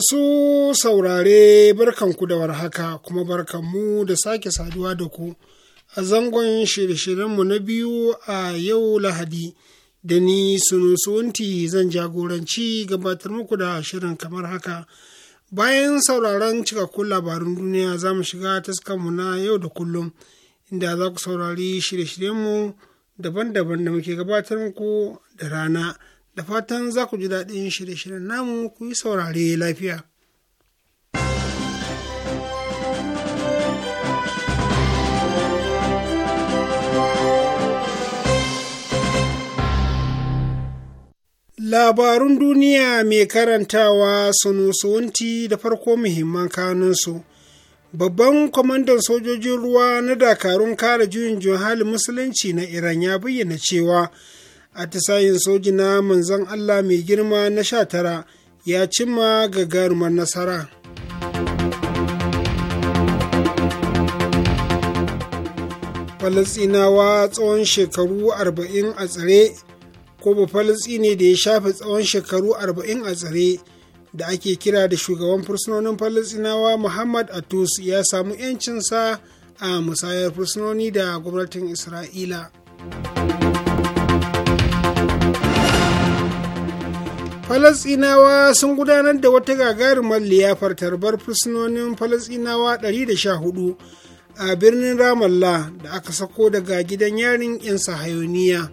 Masu saurare barkanku da warhaka kuma barkanmu da sake saduwa da ku a zangon shirye-shiryenmu na biyu a yau Lahadi da ni sunusunti zan jagoranci gabatar muku da shirin kamar haka. Bayan sauraron cikakkun labarin duniya za mu shiga taskanmu na yau da kullum inda za ku saurari shirye-shiryenmu daban-daban da muke gabatar muku da rana. da fatan za ku ji daɗin shirye-shiryen namu ku yi saurare lafiya. Labarun duniya mai karantawa sunusuwanti da farko muhimman kanunsu. Babban kwamandan sojojin ruwa na dakarun kare juyin juhal musulunci na Iran ya bayyana cewa atisayin soji na manzan Allah mai girma na sha tara ya cimma gagarumar nasara. Falasinawa tsawon shekaru arba'in a tsare, ko ba Falasine da ya shafe tsawon shekaru arba'in a tsare da ake kira da shugaban fursunonin Falasinawa Muhammad Atus ya samu 'yancinsa a musayar fursunoni da gwamnatin Isra'ila. falasinawa sun gudanar da wata gagarumar liyafar tarbar fursunonin falasinawa 114 a birnin ramallah da aka sako daga gidan yarin 'yan sahayoniya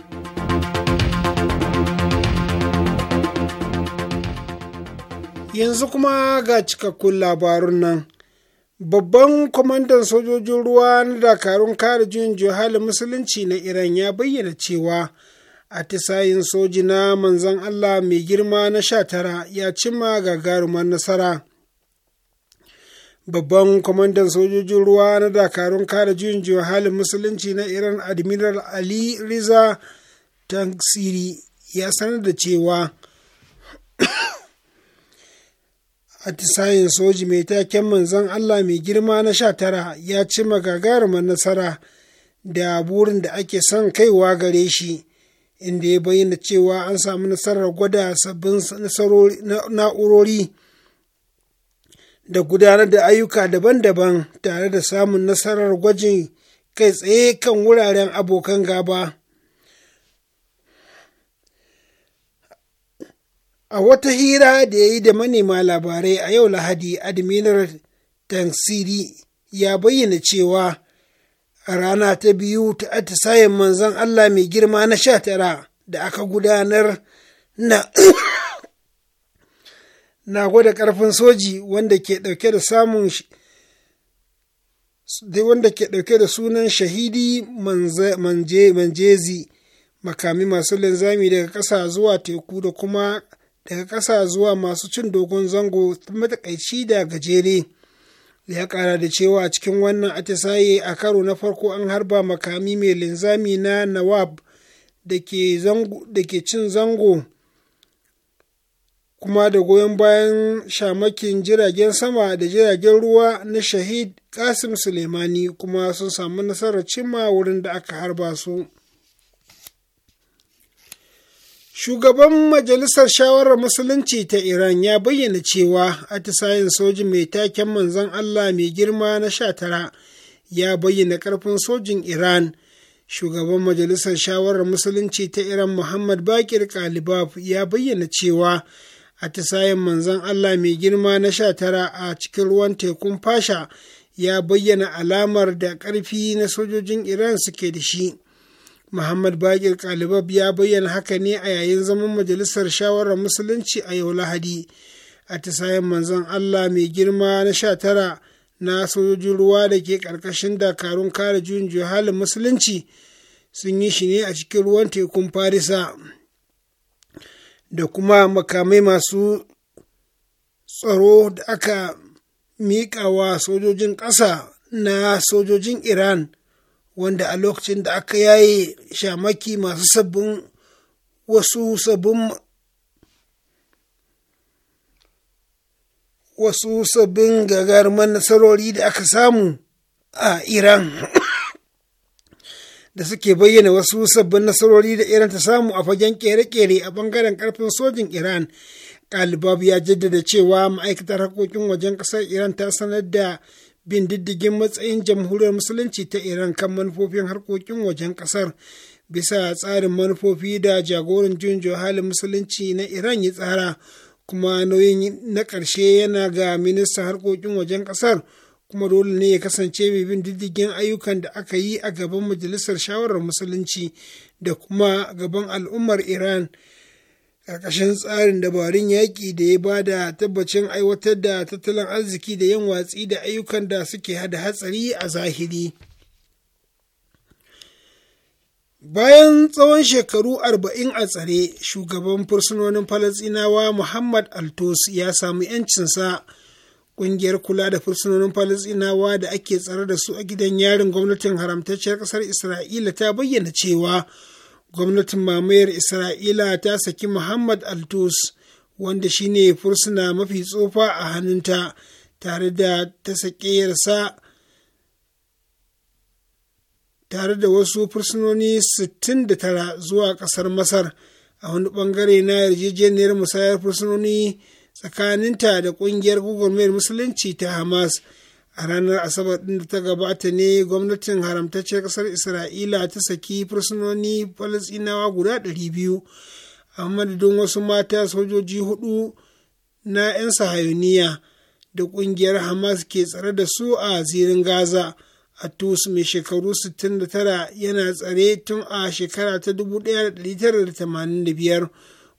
yanzu kuma ga cikakkun labarun nan babban kwamandan sojojin ruwa na dakarun kare juyin juhalin musulunci na iran ya bayyana cewa atisayin soji na manzan Allah mai girma na sha tara ya cimma gagarumar nasara. Babban kwamandan sojojin ruwa na dakarun kare juyin halin musulunci na Iran Admiral Ali Riza Tansiri ya sanar da cewa atisayin soji mai taken manzan Allah mai girma na sha tara ya cimma gagarumar nasara da burin da ake son kaiwa gare shi. inda ya bayyana cewa an samu nasarar gwada sabbin na'urori da gudanar da ayyuka daban-daban tare da samun nasarar gwajin kai tsaye kan wuraren abokan gaba. A wata hira da ya yi da manema labarai a yau Lahadi, adminar Tansiri ya bayyana cewa a rana ta biyu ta atisayen manzon Allah mai girma na sha tara da aka gudanar na na gwada ƙarfin soji wanda ke ɗauke da samun wanda ke ɗauke da sunan shahidi manjezi makami masu linzami daga ƙasa zuwa teku da kuma daga ƙasa zuwa masu cin dogon zango matakaici da gajere ya kara da cewa cikin wannan atisaye a karo na farko an harba makami mai linzami na nawab da ke cin zango kuma da goyon bayan shamakin jiragen sama da jiragen ruwa na shahid kasim suleimani kuma sun samu nasarar cimma wurin da aka harba su Shugaban Majalisar Shawarar Musulunci ta Iran ya bayyana cewa atisayen soji mai taken manzon Allah mai girma na sha tara ya bayyana ƙarfin sojin Iran. Shugaban Majalisar Shawarar Musulunci ta Iran Muhammad Bakir Kalibaf ya bayyana cewa atisayen manzon Allah mai girma na sha tara a cikin ruwan tekun fasha ya bayyana alamar da ƙarfi na sojojin Iran suke da shi. Muhammad Bakir Kalibab ya bayyana haka ne a yayin zaman majalisar shawarar musulunci a yau Lahadi a tisayen manzon Allah mai girma na sha tara na sojojin ruwa da ke ƙarƙashin dakarun kare juyin halin musulunci sun yi shi ne a cikin ruwan tekun Farisa da kuma makamai masu tsaro da aka miƙa wa sojojin ƙasa na sojojin Iran. wanda a lokacin da aka yaye shamaki masu sabbin wasu sabbin wasu sabbin gagarumar nasarori da aka samu a iran da suke bayyana wasu sabbin nasarori da iran ta samu a fagen kere-kere a bangaren karfin sojin iran kalibab ya jaddada cewa ma'aikatar harkokin wajen kasar iran ta sanar da bin diddigin matsayin jamhuriyar musulunci ta iran kan manufofin harkokin wajen ƙasar bisa tsarin manufofi da jagoran junjo halin musulunci na iran ya tsara kuma nauyin na ƙarshe yana ga Minista harkokin wajen ƙasar kuma dole ne ya kasance mai bin diddigin ayyukan da aka yi a gaban majalisar shawarar musulunci da kuma gaban al'ummar iran ƙarƙashin tsarin dabarun yaƙi da ya ba da tabbacin aiwatar da tattalin arziki da yin watsi da ayyukan da suke hada hatsari a zahiri. Bayan tsawon shekaru arba'in a tsare, shugaban fursunonin Falasinawa Muhammad Altos ya samu ‘yancinsa. Ƙungiyar kula da fursunonin Falasinawa da ake tsare da su a gidan yarin gwamnatin haramtacciyar ƙasar Isra'ila ta bayyana cewa. gwamnatin mamayar isra'ila ta saki muhammad altus wanda shine fursuna mafi tsufa a hannunta tare da ta sakeyarsa tare da wasu fursunoni 69 zuwa kasar masar a wani bangare na yarjejeniyar musayar fursunoni tsakaninta da ƙungiyar gwagwarmayar musulunci ta hamas a ranar asabar ɗin da ta gabata ne gwamnatin haramtacciyar ƙasar isra'ila ta saki fursunoni falasinawa guda 200 a madadin wasu mata sojoji hudu na 'yan sahayuniya da ƙungiyar hamas ke tsare da su a zirin gaza tus mai shekaru 69 yana tsare tun a shekara ta 1985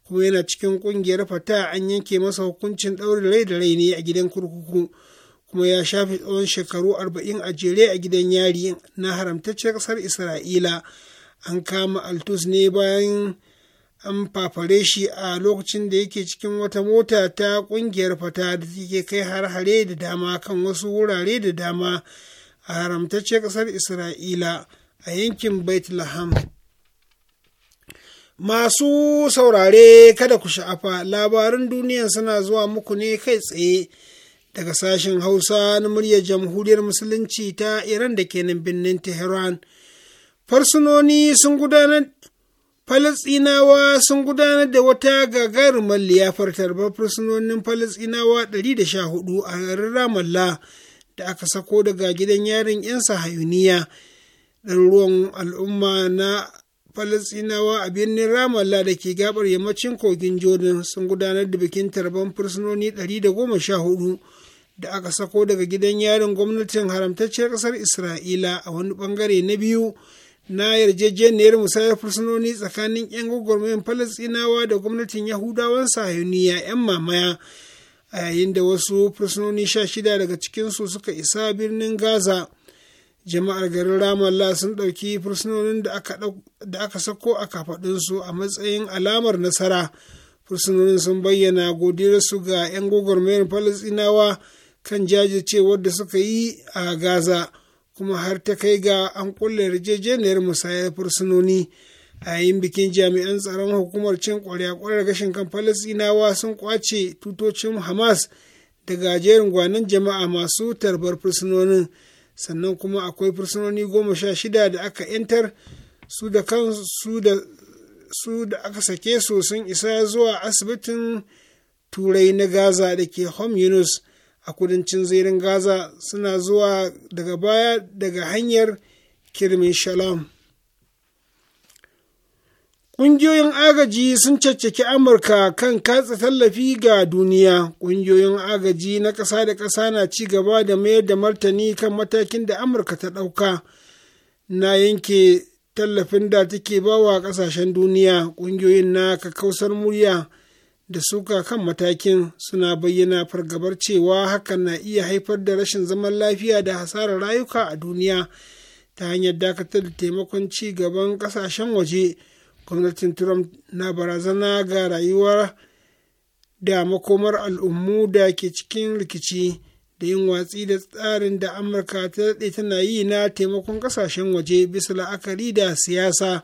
kuma yana cikin ƙungiyar fata an yanke masa hukuncin ɗaurin rai da rai ne a gidan kurkuku. kuma ya shafe tsawon shekaru arba'in a jere a gidan yari na haramtaccen ƙasar isra'ila an kama altus ne bayan an fafare shi a lokacin da yake cikin wata mota ta ƙungiyar fata da take kai har-hare da dama kan wasu wurare da dama a haramtaccen ƙasar isra'ila a yankin bait laham masu saurare kada ku sha'afa labarin duniya suna zuwa muku ne kai tsaye daga sashen hausa na muryar jamhuriyar musulunci ta iran da ke nan birnin tehran farsunoni sun gudanar Falasɗinawa sun gudanar da wata gagarumar liyafar tarbar fursunonin Falasɗinawa 114 a garin Ramallah da aka sako daga gidan yarin 'yan sahayuniya ɗaruruwan al'umma na Falasɗinawa a birnin Ramallah da ke gabar yammacin kogin Jordan sun gudanar da bikin tarban fursunoni 114 da aka sako daga gidan yarin gwamnatin haramtacciyar ƙasar isra'ila a wani ɓangare na biyu na yarjejeniyar musayar fursunoni tsakanin 'yan gwagwarmayin falasinawa da gwamnatin yahudawan sahiyuniya 'yan mamaya a yayin da wasu fursunoni sha shida daga cikinsu suka isa birnin gaza jama'ar garin ramallah sun ɗauki fursunonin da aka sako a kafaɗinsu a matsayin alamar nasara fursunonin sun bayyana godiyarsu ga 'yan gwagwarmayar falasinawa kan jajircewar da suka yi a gaza kuma har ta kai ga an kulle yarjejeniyar musayar fursunoni a yayin bikin jami'an tsaron hukumar cin kwarya-kwarar gashin kan falasinawa sun kwace tutocin hamas daga jerin gwanin jama'a masu tarbar fursunonin sannan kuma akwai fursunoni goma sha shida da aka yantar su da kansu da su da aka sake su sun isa zuwa asibitin turai na gaza da ke home yunus a kudancin zirin gaza suna zuwa daga baya daga hanyar kirmin shalom Ƙungiyoyin agaji sun caccaki Amurka kan katsa tallafi ga duniya. Ƙungiyoyin agaji na ƙasa da ƙasa na ci gaba da mayar da martani kan matakin da Amurka ta ɗauka na yanke tallafin da take bawa ƙasashen duniya. Ƙungiyoyin na kakausar murya da suka kan matakin suna bayyana fargabar cewa hakan na iya haifar da rashin zaman lafiya da hasarar rayuka a duniya ta hanyar dakatar da taimakon ci gaban kasashen waje gwamnatin trump na barazana ga rayuwar da makomar al'ummu da ke cikin rikici da yin watsi da tsarin da amurka ta daɗe tana yi na taimakon kasashen waje bisa la'akari da siyasa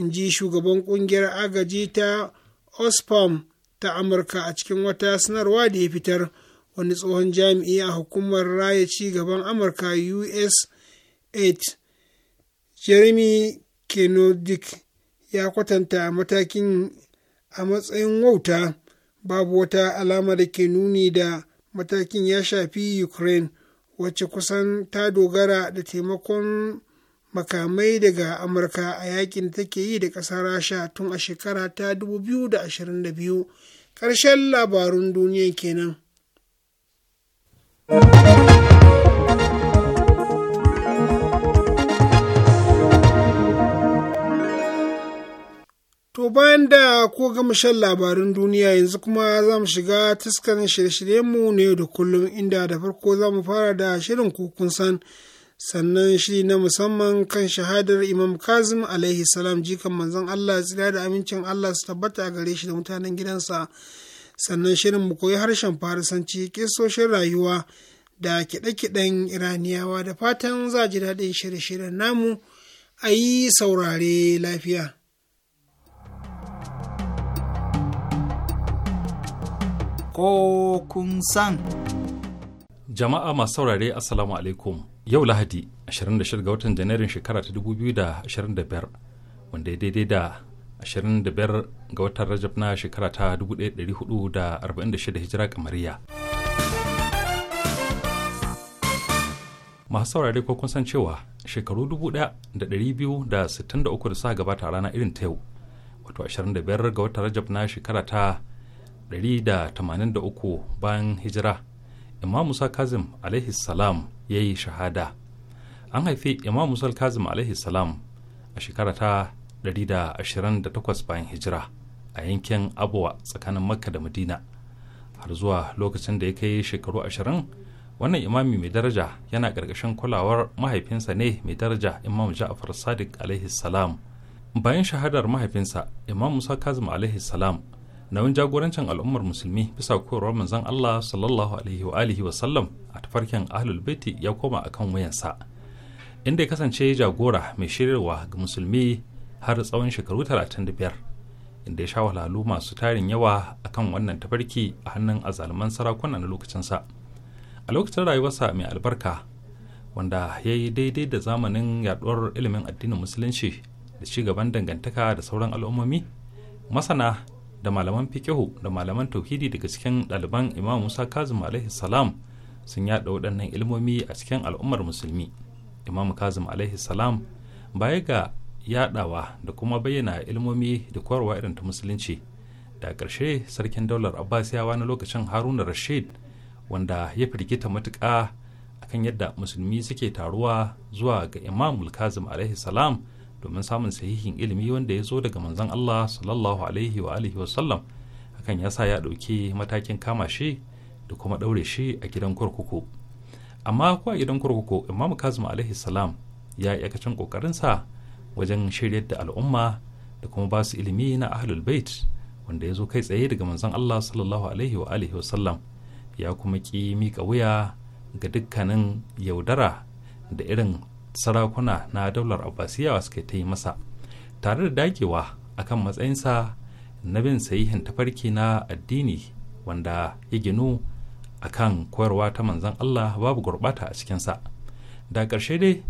in ji shugaban ƙungiyar agaji ta osfam ta amurka a cikin wata sanarwa da ya fitar wani tsohon jami'i a hukumar raya ci gaban amurka us 8 jeremy kenodic ya kwatanta matakin a matsayin wauta babu wata alama da ke nuni da matakin ya shafi ukraine wacce kusan ta dogara da taimakon makamai daga amurka a yakin take yi da kasar rasha tun a shekara ta 2022 ƙarshen labarun duniya kenan. To bayan da ko gama shan labarun duniya yanzu kuma za mu shiga taskan shirye-shiryenmu ne da kullum inda da farko za mu fara da shirin kukun san sannan shiri na musamman kan shahadar imam kazim alaihi salam jikan manzon allah tsira da amincin allah su tabbata a gare shi da mutanen gidansa sannan shirin mu koyi harshen farisanci kisoshin rayuwa da kiɗe-kiɗen iraniyawa da fatan za ji daɗin shirye-shiryen namu a yi saurare lafiya ko kun san jama'a masu saurare assalamu alaikum yau lahadi 26 ga watan janairun shekara ta 2025 wanda ya daidai da 25 ga watan rajab na shekara ta 1446 hijira kamariya masu saurare ko kun san cewa shekaru 1263 da suka gabata a rana irin ta yau wato 25 ga watan rajab na shekara ta 183 bayan hijira imam musa kazim alaihi salam ya yi shahada an haifi imam musa kazim alaihi salam a shekara ta 128 bayan hijira a yankin abuwa tsakanin makka da madina har zuwa lokacin da ya kai shekaru 20 wannan imami mai daraja yana ƙarƙashin kulawar mahaifinsa ne mai daraja imam ja'far sadiq alaihi salam bayan shahadar mahaifinsa imam musa kazim alaihi salam nauyin jagorancin al'ummar musulmi bisa koyarwar manzon Allah sallallahu alaihi wa alihi wa sallam a tafarkin ahlul baiti ya koma akan wayansa inda ya kasance jagora mai shiryarwa ga musulmi har tsawon shekaru 35 inda ya sha wahalhalu masu tarin yawa akan wannan tafarki a hannun azaluman sarakuna na lokacinsa a lokacin rayuwarsa mai albarka wanda ya yi daidai da zamanin yaduwar ilimin addinin musulunci da ci gaban dangantaka da sauran al'ummomi masana da malaman fikihu da malaman tauhidi daga cikin ɗaliban imam musa kazim alaihi salam sun yaɗa waɗannan ilmomi a cikin al'ummar musulmi imam kazim alaihi salam baya ga yaɗawa da kuma bayyana ilmomi da koyarwa irin ta musulunci da ƙarshe sarkin daular abbasiyawa na lokacin haruna rashid wanda ya firgita matuƙa akan yadda musulmi suke taruwa zuwa ga imam kazim alaihi salam domin samun sahihin ilimi wanda ya zo daga manzon Allah sallallahu alaihi wa alihi wasallam hakan ya sa ya ɗauki matakin kama shi da kuma ɗaure shi a gidan kurkuku amma ko a gidan kurkuku imam kazim alaihi salam ya yi aikacin ƙoƙarinsa wajen shiryar da al'umma da kuma ba su ilimi na ahlul bait wanda ya zo kai tsaye daga manzon Allah sallallahu alaihi wa alihi wasallam ya kuma ki mika wuya ga dukkanin yaudara da irin sarakuna na daular abbasiyawa suka ta yi masa tare da dagewa akan matsayinsa na bin sahihin tafarki na addini wanda ya ginu akan koyarwa ta manzan Allah babu gurbata a cikinsa da ƙarshe dai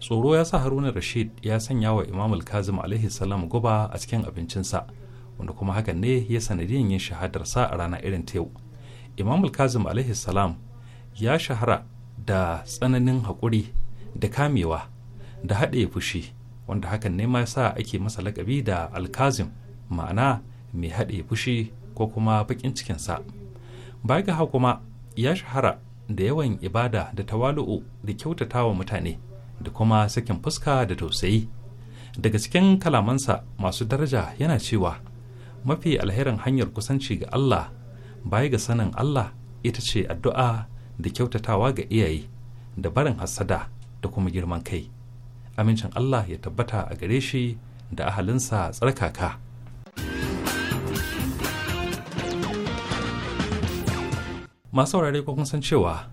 tsoro ya sa haruna rashid ya sanya wa imamul kazim alaihi salam guba a cikin abincinsa wanda kuma hakan ne ya sanadiyan yin shahadarsa a rana irin ta yau imamul kazim alaihi salam ya shahara da tsananin haƙuri da kamewa da haɗe fushi wanda hakan ne ma sa ake masa lakabi da alkazim ma'ana mai haɗe fushi ko kuma baƙin cikinsa baya ga kuma ya shahara da yawan ibada da tawalu'u da kyautatawa mutane da kuma sakin fuska da tausayi daga cikin kalamansa masu daraja yana cewa mafi alherin hanyar kusanci ga Allah baya ga sanin Allah ita ce addu'a da kyautatawa ga iyaye da barin hassada da kuma girman kai amincin allah ya tabbata a gare shi da ahalinsa tsarkaka masu saurare ko kusan cewa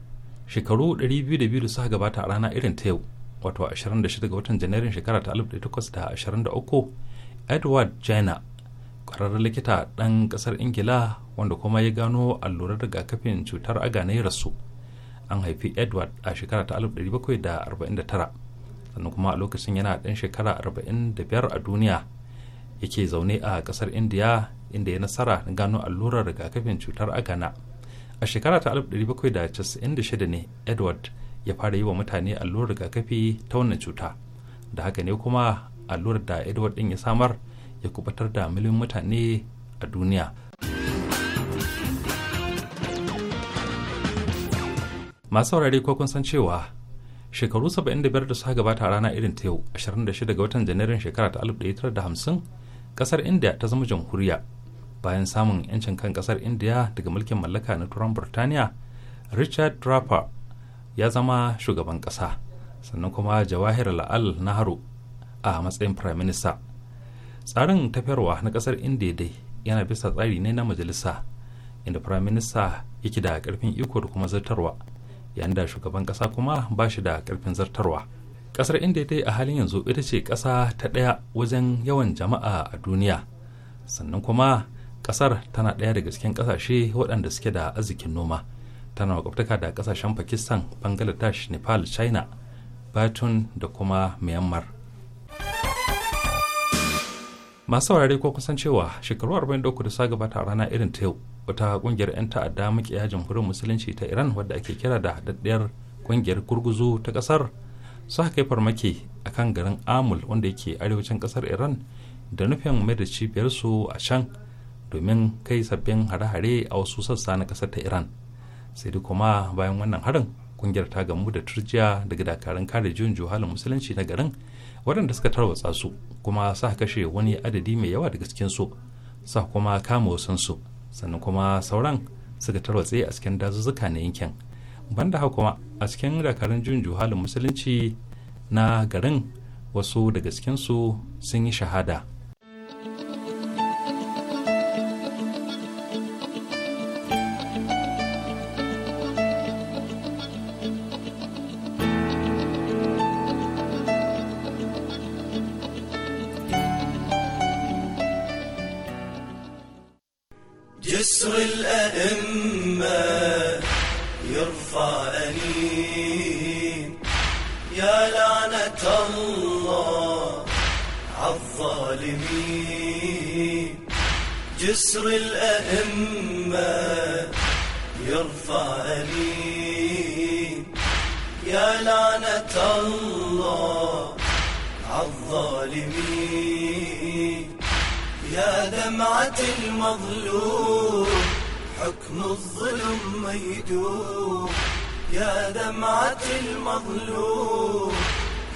shekaru 202 da suka gabata a rana irin ta yau wato 26 ga watan janairun shekara ta 1823 edward jenner kwararren likita ɗan ƙasar ingila wanda kuma ya gano allurar rigakafin cutar aga na rasu an haifi edward a shekara ta 1749 sannan kuma a lokacin yana ɗan shekara 45 a duniya yake zaune a ƙasar indiya inda ya nasara na gano allurar rigakafin cutar agana a shekara ta 1796 ne edward ya fara yi wa mutane allurar rigakafi ta wannan cuta da haka ne kuma allurar da edward ɗin ya samar ya kubatar da miliyan mutane a duniya. masu saurare ko kun san cewa shekaru 75 da suka gabata a rana irin ta yau 26 ga watan janairun shekara ta 1950 kasar india ta zama jamhuriya bayan samun yancin kan kasar india daga mulkin mallaka na turan burtaniya richard draper ya zama shugaban kasa sannan kuma jawahir la'al nahru a matsayin prime minister tsarin tafiyarwa na kasar india dai yana bisa tsari ne na majalisa inda prime minister yake da karfin iko da kuma zartarwa yayin da shugaban kasa kuma ba shi da karfin zartarwa kasar india dai a halin yanzu ita ce kasa ta ɗaya wajen yawan jama'a a duniya sannan kuma kasar tana ɗaya daga cikin kasashe waɗanda suke da arzikin noma tana makwabtaka da kasashen pakistan bangladesh nepal china batun da kuma myanmar masu saurare ko kusan cewa shekaru 43 da sa gabata a rana irin ta yau wata kungiyar 'yan ta'adda makiya jamhuriyar musulunci ta iran wadda ake kira da daddiyar ƙungiyar gurguzu ta kasar haka kai farmaki a kan garin amul wanda yake arewacin kasar iran da nufin mai da cibiyarsu a can domin kai sabbin hare-hare a wasu sassa na kasar ta iran sai dai kuma bayan wannan harin ƙungiyar ta gamu da turjiya daga dakarun kare juyin juhalin musulunci na garin waɗanda suka tarwatsa su kuma sa kashe wani adadi mai yawa daga cikin su sa kuma kama wasansu sannan kuma sauran suka tarwatse a cikin dazuzzuka na yankin banda haka kuma a cikin dakarun jin juhalin musulunci na garin wasu daga cikin su sun yi shahada جسر الأئمة يرفع أنين يا لعنة الله عالظالمين جسر الأئمة يرفع أنين يا لعنة الله عالظالمين يا دمعة المظلوم حكم الظلم ميدوم يا دمعة المظلوم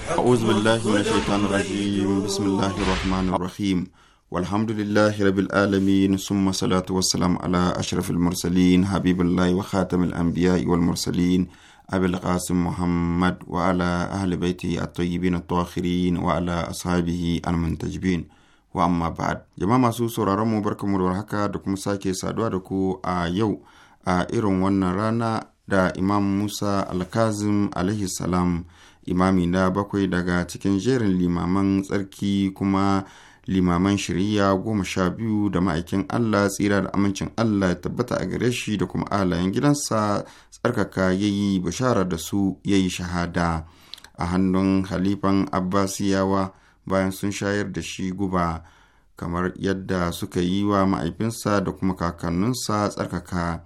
أعوذ بالله من الشيطان الرجيم بسم الله الرحمن الرحيم والحمد لله رب العالمين ثم الصلاة والسلام على أشرف المرسلين حبيب الله وخاتم الأنبياء والمرسلين أبي القاسم محمد وعلى أهل بيته الطيبين الطاهرين وعلى أصحابه المنتجبين wa amma ba'ad jama'a masu sauraron mu barkamu da haka da kuma sake saduwa da ku a yau a irin wannan rana da imam musa alkazim alaihi salam imami na bakwai daga cikin jerin limaman tsarki kuma limaman shiriya goma sha biyu da ma'aikin allah tsira da amincin allah ya tabbata a gare shi da kuma alayen gidansa tsarkaka ya yi bishara da su ya yi shahada a hannun halifan abbasiyawa bayan sun shayar da shi guba kamar yadda suka yi wa ma'aifinsa da kuma kakanninsa tsarkaka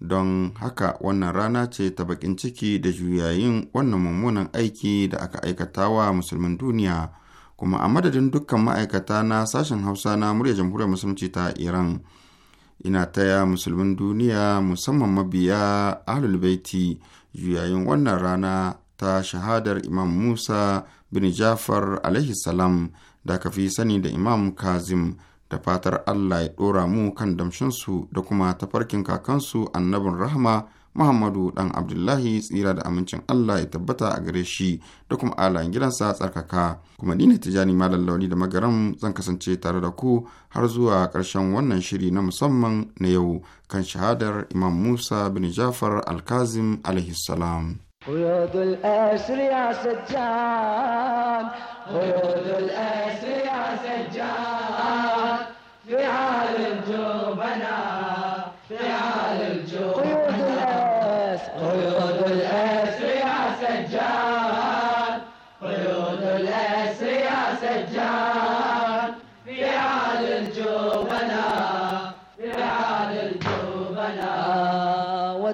don haka wannan rana ce ta bakin ciki da juyayin wannan mummunan aiki da aka aikata wa musulmin duniya kuma a madadin dukkan ma'aikata na sashen hausa na murya jamhuriyar musulunci ta iran ina taya musulmin duniya musamman mabiya ahlul baiti juyayin wannan rana ta shahadar imam musa bin Jafar salam da kafi fi sani da Imam Kazim da fatar Allah ya ɗora mu kan damshinsu da kuma tafarkin kakansu annabin rahama Muhammadu ɗan Abdullahi tsira da amincin Allah ya tabbata a gare shi da kuma alayin gidansa tsarkaka. Kuma ni ne Tijani Malam Launi da Magaram zan kasance tare da ku har zuwa karshen wannan shiri na musamman na yau kan shahadar Imam Musa bin Jafar Alkazim alaihi salam. قيود الأسر يا سجان قيود الأسر يا سجان في عالم جوبنا في عالم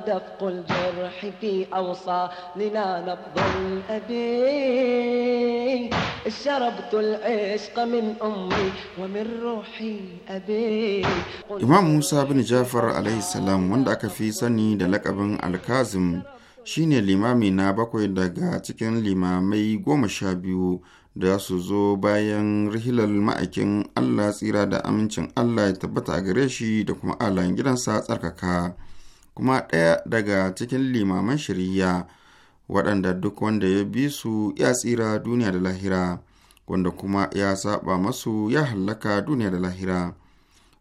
ودفق الجرح في لنا نبض الأبي شربت العشق من أمي ومن روحي أبي إمام موسى بن جعفر عليه السلام في سني أبن الكازم shine limami na bakwai daga cikin limamai goma sha biyu da su zo bayan rihilar ma'aikin Allah tsira da amincin Allah ya tabbata a gare shi da kuma alayin gidansa tsarkaka. kuma ɗaya daga cikin limaman shiriya waɗanda duk wanda ya bi su ya tsira duniya da lahira wanda kuma ya saba masu ya hallaka duniya da lahira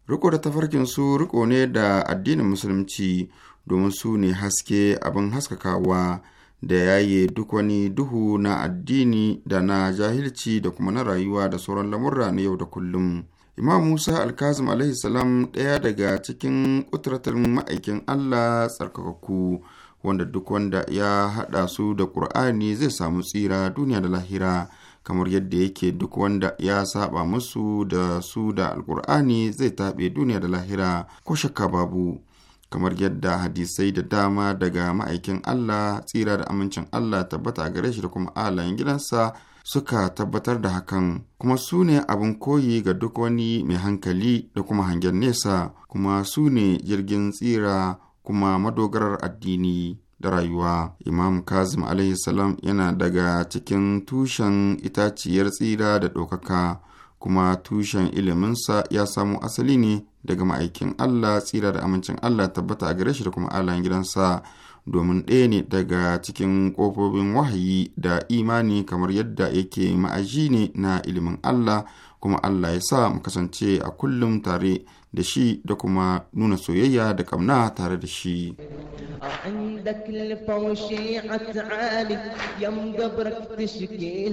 riko da tafarkin su riko ne da addinin musulunci domin su ne haske abin haskakawa da yaye duk wani duhu na addini da na jahilci da kuma na rayuwa da sauran lamurra na yau da kullum. Imam Musa Alkazim alaihi salam ɗaya daga cikin kuturatar ma'aikin Allah tsarkakakku wanda duk wanda ya haɗa su da Kur'ani zai samu tsira duniya da lahira kamar yadda yake duk wanda ya saba musu da su da Alƙur'ani zai taɓe duniya da lahira ko shakka babu kamar yadda hadisai da dama daga ma'aikin Allah tsira da amincin Allah tabbata gare shi da kuma alayin gidansa suka tabbatar da hakan kuma su ne abin koyi ga duk wani mai hankali da kuma hangen nesa kuma su ne jirgin tsira kuma madogarar addini da rayuwa imam kazim salam yana daga cikin tushen itaciyar tsira da ɗaukaka kuma tushen iliminsa ya samo asali ne daga ma'aikin allah tsira da amincin allah tabbata a gare shi da kuma allah gidansa domin ɗaya ne daga cikin ƙofofin wahayi da imani kamar yadda yake ma'aji ne na ilimin Allah kuma Allah ya sa mu kasance a kullum tare da shi da kuma nuna soyayya da kamna tare da shi.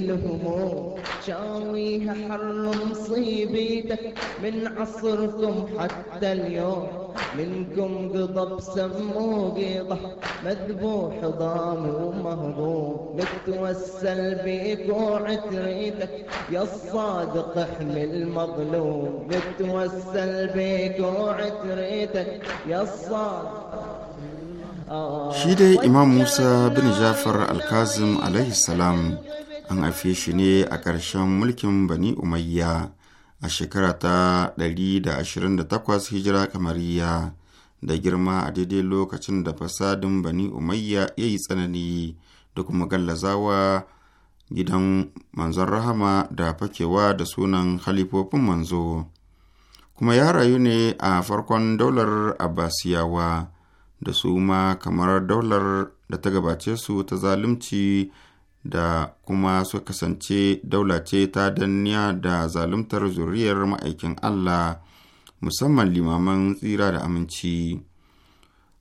عندك شاويها حر مصيبتك من عصركم حتى اليوم منكم قضب سمو مذبوح ضام ومهضوم نتوسل بيك وعتريتك يا الصادق احمي المظلوم نتوسل بيك shi dai imam musa bin jafar alkazim alaihi salam an haife shi ne a ƙarshen mulkin bani umayya a shekara ta 128 hijira kamariya da girma a daidai lokacin da fasadin bani umayya ya yi tsanani da kuma gallazawa gidan manzon rahama da fakewa da sunan halifofin manzo kuma ya rayu ne a farkon daular Abbasiyawa da su ma kamar daular da ta gabace su ta zalunci da kuma su kasance daula ce ta danniya da zaluntar zuriyar ma'aikin Allah musamman limaman tsira da aminci.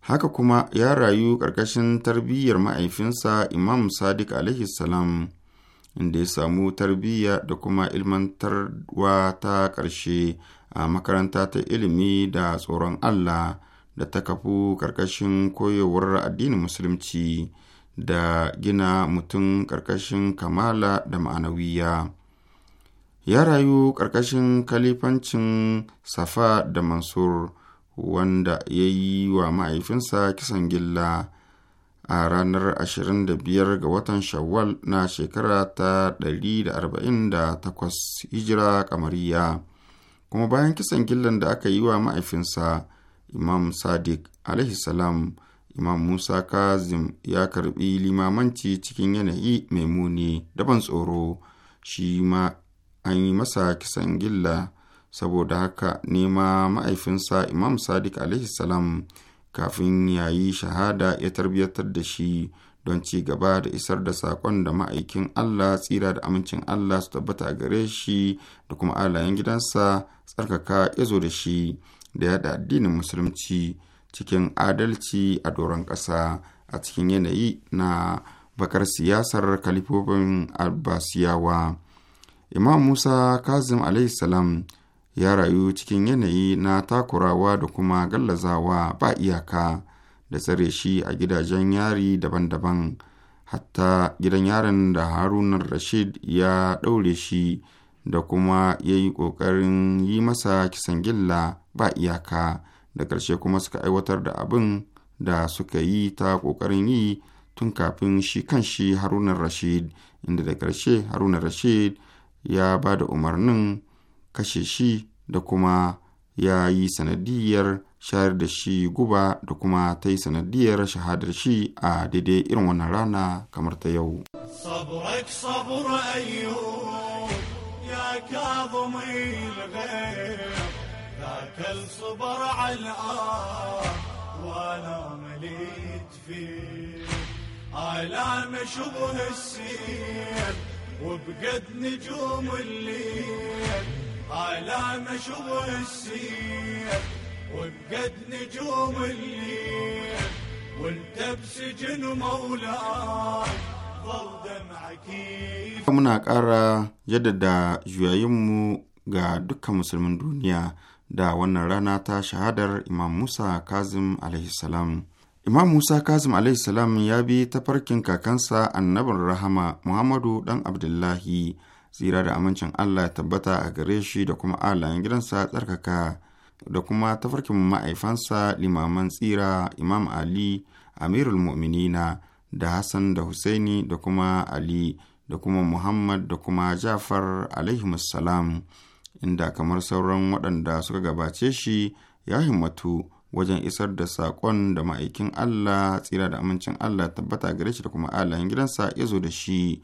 Haka kuma ya rayu ƙarƙashin tarbiyyar ma'aifinsa Imam Sadiq alaihi salam inda ya samu tarbiyya da kuma ilmantarwa ta ƙarshe a makaranta ta ilimi da tsoron Allah da ta kafu ƙarƙashin koyowar addinin musulunci da gina mutum ƙarƙashin kamala da ma'anawiya. Ya rayu ƙarƙashin kalifancin Safa da Mansur wanda ya yi wa mahaifinsa kisan gilla a ranar 25 ga watan Shawwal na shekara ta 148 Hijira kamariya. kuma bayan kisan gillan da aka yi wa ma'aifinsa imam sadiq alaihi imam musa kazim ya karbi limamanci cikin yanayi mai muni daban tsoro shi ma an yi masa kisan gilla saboda haka nema ma'aifinsa imam sadiq alaihi salam kafin yayi shahada ya tarbiyyatar da shi don ci gaba da isar da saƙon da ma'aikin Allah tsira da amincin Allah su tabbata gare shi da kuma alayen gidansa tsarkaka izo da shi da yada addinin musulunci cikin adalci a doron ƙasa a cikin yanayi na bakar siyasar kalifofin albasiyawa. imam musa kazim salam ya rayu cikin yanayi na takurawa da kuma gallazawa ba iyaka da tsare shi a gidajen yari daban-daban hatta gidan yaron da harunan rashid ya ɗaure shi da kuma ya yi ƙoƙarin yi masa kisan gilla ba iyaka da ƙarshe kuma suka aiwatar da abin da suka yi ta ƙoƙarin yi tun kafin shi kan shi harunan rashid inda da ƙarshe harunan rashid ya ba da umarnin kashe shi da kuma ya yi sanadiyar shayar da shi guba da kuma ta yi sanadiyar shahadar shi a daidai irin wannan rana kamar ta yau. على شبه وبقد نجوم الليل على مشو السيف وبقد نجوم الليل وانت بسجن مولاي muna ƙara jaddada juyayinmu ga dukkan musulmin duniya da wannan rana ta shahadar imam musa kazim salam. imam musa kazim salam ya bi tafarkin kakansa annabin rahama muhammadu dan abdullahi tsira da amincin Allah ya tabbata a gare shi da kuma alayen gidansa tsarkaka da kuma tafarkin ma'aifansa limaman tsira Imam Ali Amirul Mu'minina da Hassan da Husaini da kuma Ali da kuma Muhammad da kuma Jafar salam inda kamar sauran waɗanda suka gabace shi ya himmatu wajen isar da saƙon da ma'aikin Allah tsira da amincin Allah tabbata gare shi da kuma alayen gidansa ya zo da shi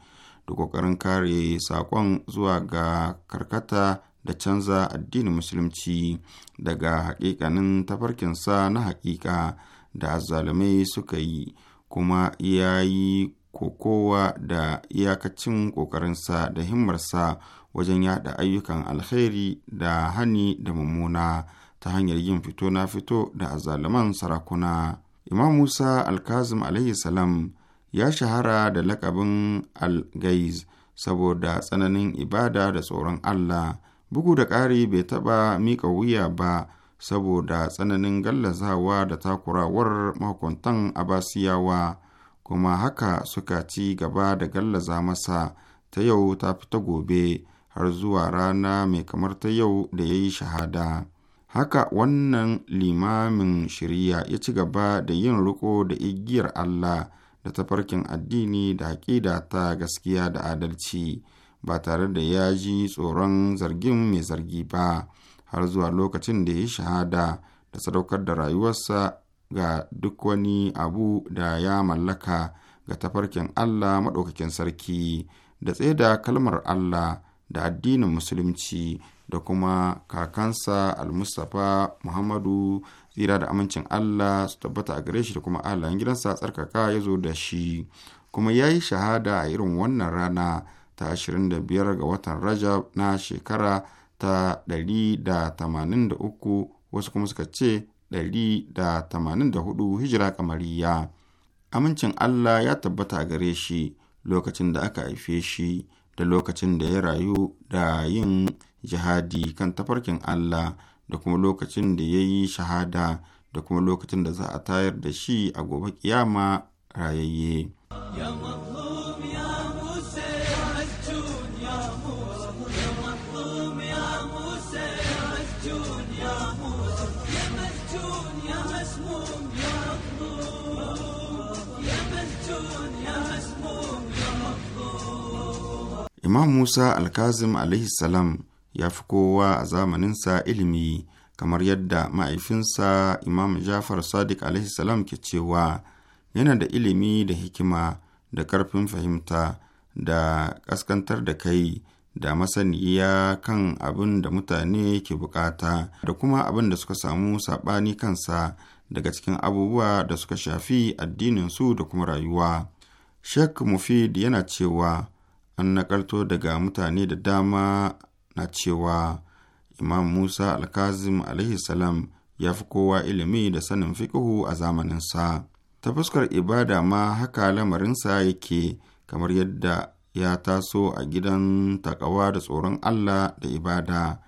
da ƙoƙarin kare saƙon zuwa ga karkata da canza addinin musulunci daga haƙiƙanin tafarkinsa na haƙiƙa da azzalumai suka yi kuma ya yi kokowa da iyakacin ƙoƙarinsa da himmarsa wajen yada ayyukan alkhairi da hani da mummuna ta hanyar yin fito na fito da azzaluman sarakuna imam musa alkazim alaihi salam ya shahara da lakabin al-gaiz saboda tsananin ibada da tsoron Allah bugu da ƙari bai taɓa miƙa wuya ba saboda tsananin gallazawa da takurawar mahukuntan abasiyawa kuma haka suka ci gaba da gallaza masa ta yau ta fita gobe har zuwa rana mai kamar ta yau da ya yi shahada haka wannan limamin shirya ya ci gaba da yin riko da igiyar Allah da tafarkin addini da haƙida ta gaskiya da adalci ba tare da ya ji tsoron zargin mai zargi ba har zuwa lokacin da ya shahada da sadaukar da rayuwarsa ga duk wani abu da ya mallaka ga tafarkin Allah maɗaukakin sarki da tsaye da kalmar Allah da addinin musulunci da kuma kakansa almustapha muhammadu tsira da amincin Allah su tabbata a gare shi da kuma alayen gidansa tsarkaka ya zo da shi kuma ya yi shahada a irin wannan rana ta 25 ga watan Rajab na shekara ta 183 wasu kuma suka ce 184 hijira kamariya. Amincin Allah ya tabbata a gare shi lokacin da aka haife shi da lokacin da ya rayu da yin jihadi kan tafarkin Allah. da kuma lokacin da ya yi shahada da kuma lokacin da za a tayar da shi a gobe kiyama rayayye. Imam Musa Alkazim alaihi salam ya fi kowa a zamaninsa ilimi kamar yadda ma'aifinsa imam jafar sadiq alaihi ke cewa yana da ilimi da hikima da ƙarfin fahimta da ƙaskantar da kai da masaniya kan abin da mutane ke bukata da kuma abin da suka samu saɓani kansa daga cikin abubuwa da suka shafi addininsu da kuma rayuwa. Sheikh Mufid yana cewa an naƙalto daga mutane da dama na cewa Imam Musa Alkazim alaihi salam ya fi kowa ilimi da sanin fiƙihu a zamaninsa. Ta fuskar ibada ma haka lamarinsa yake kamar yadda ya taso a gidan takawa da tsoron Allah da ibada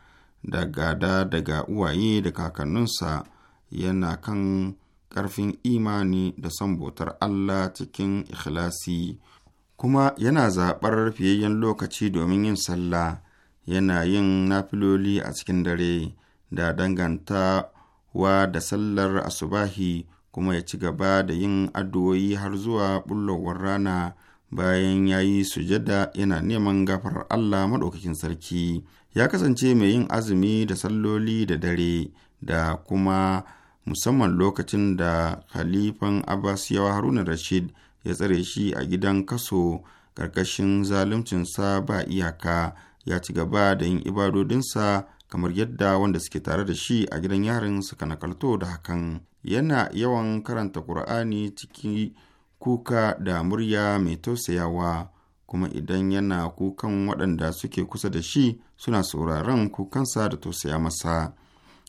da gada daga uwaye da kakanninsa yana kan ƙarfin imani da son bautar Allah cikin ikhlasi kuma yana zaɓar fiyayyen lokaci domin yin sallah yana yin nafiloli a cikin dare da danganta wa da sallar asubahi kuma ya ci gaba da yin addu'o'i har zuwa bullowar rana bayan ya yi sujada yana neman gafar Allah maɗaukakin sarki ya kasance mai yin azumi da salloli da dare da kuma musamman lokacin da khalifan abbasiyawa haruna rashid ya tsare shi a gidan kaso ƙarƙashin zaluncinsa ba iyaka ya ci gaba da yin ibadodinsa kamar yadda wanda suke tare da shi a gidan yarin suka nakalto da hakan yana yawan karanta ƙur'ani cikin kuka da murya mai tausayawa kuma idan yana kukan waɗanda suke kusa da shi suna sauraron kukansa da tausaya masa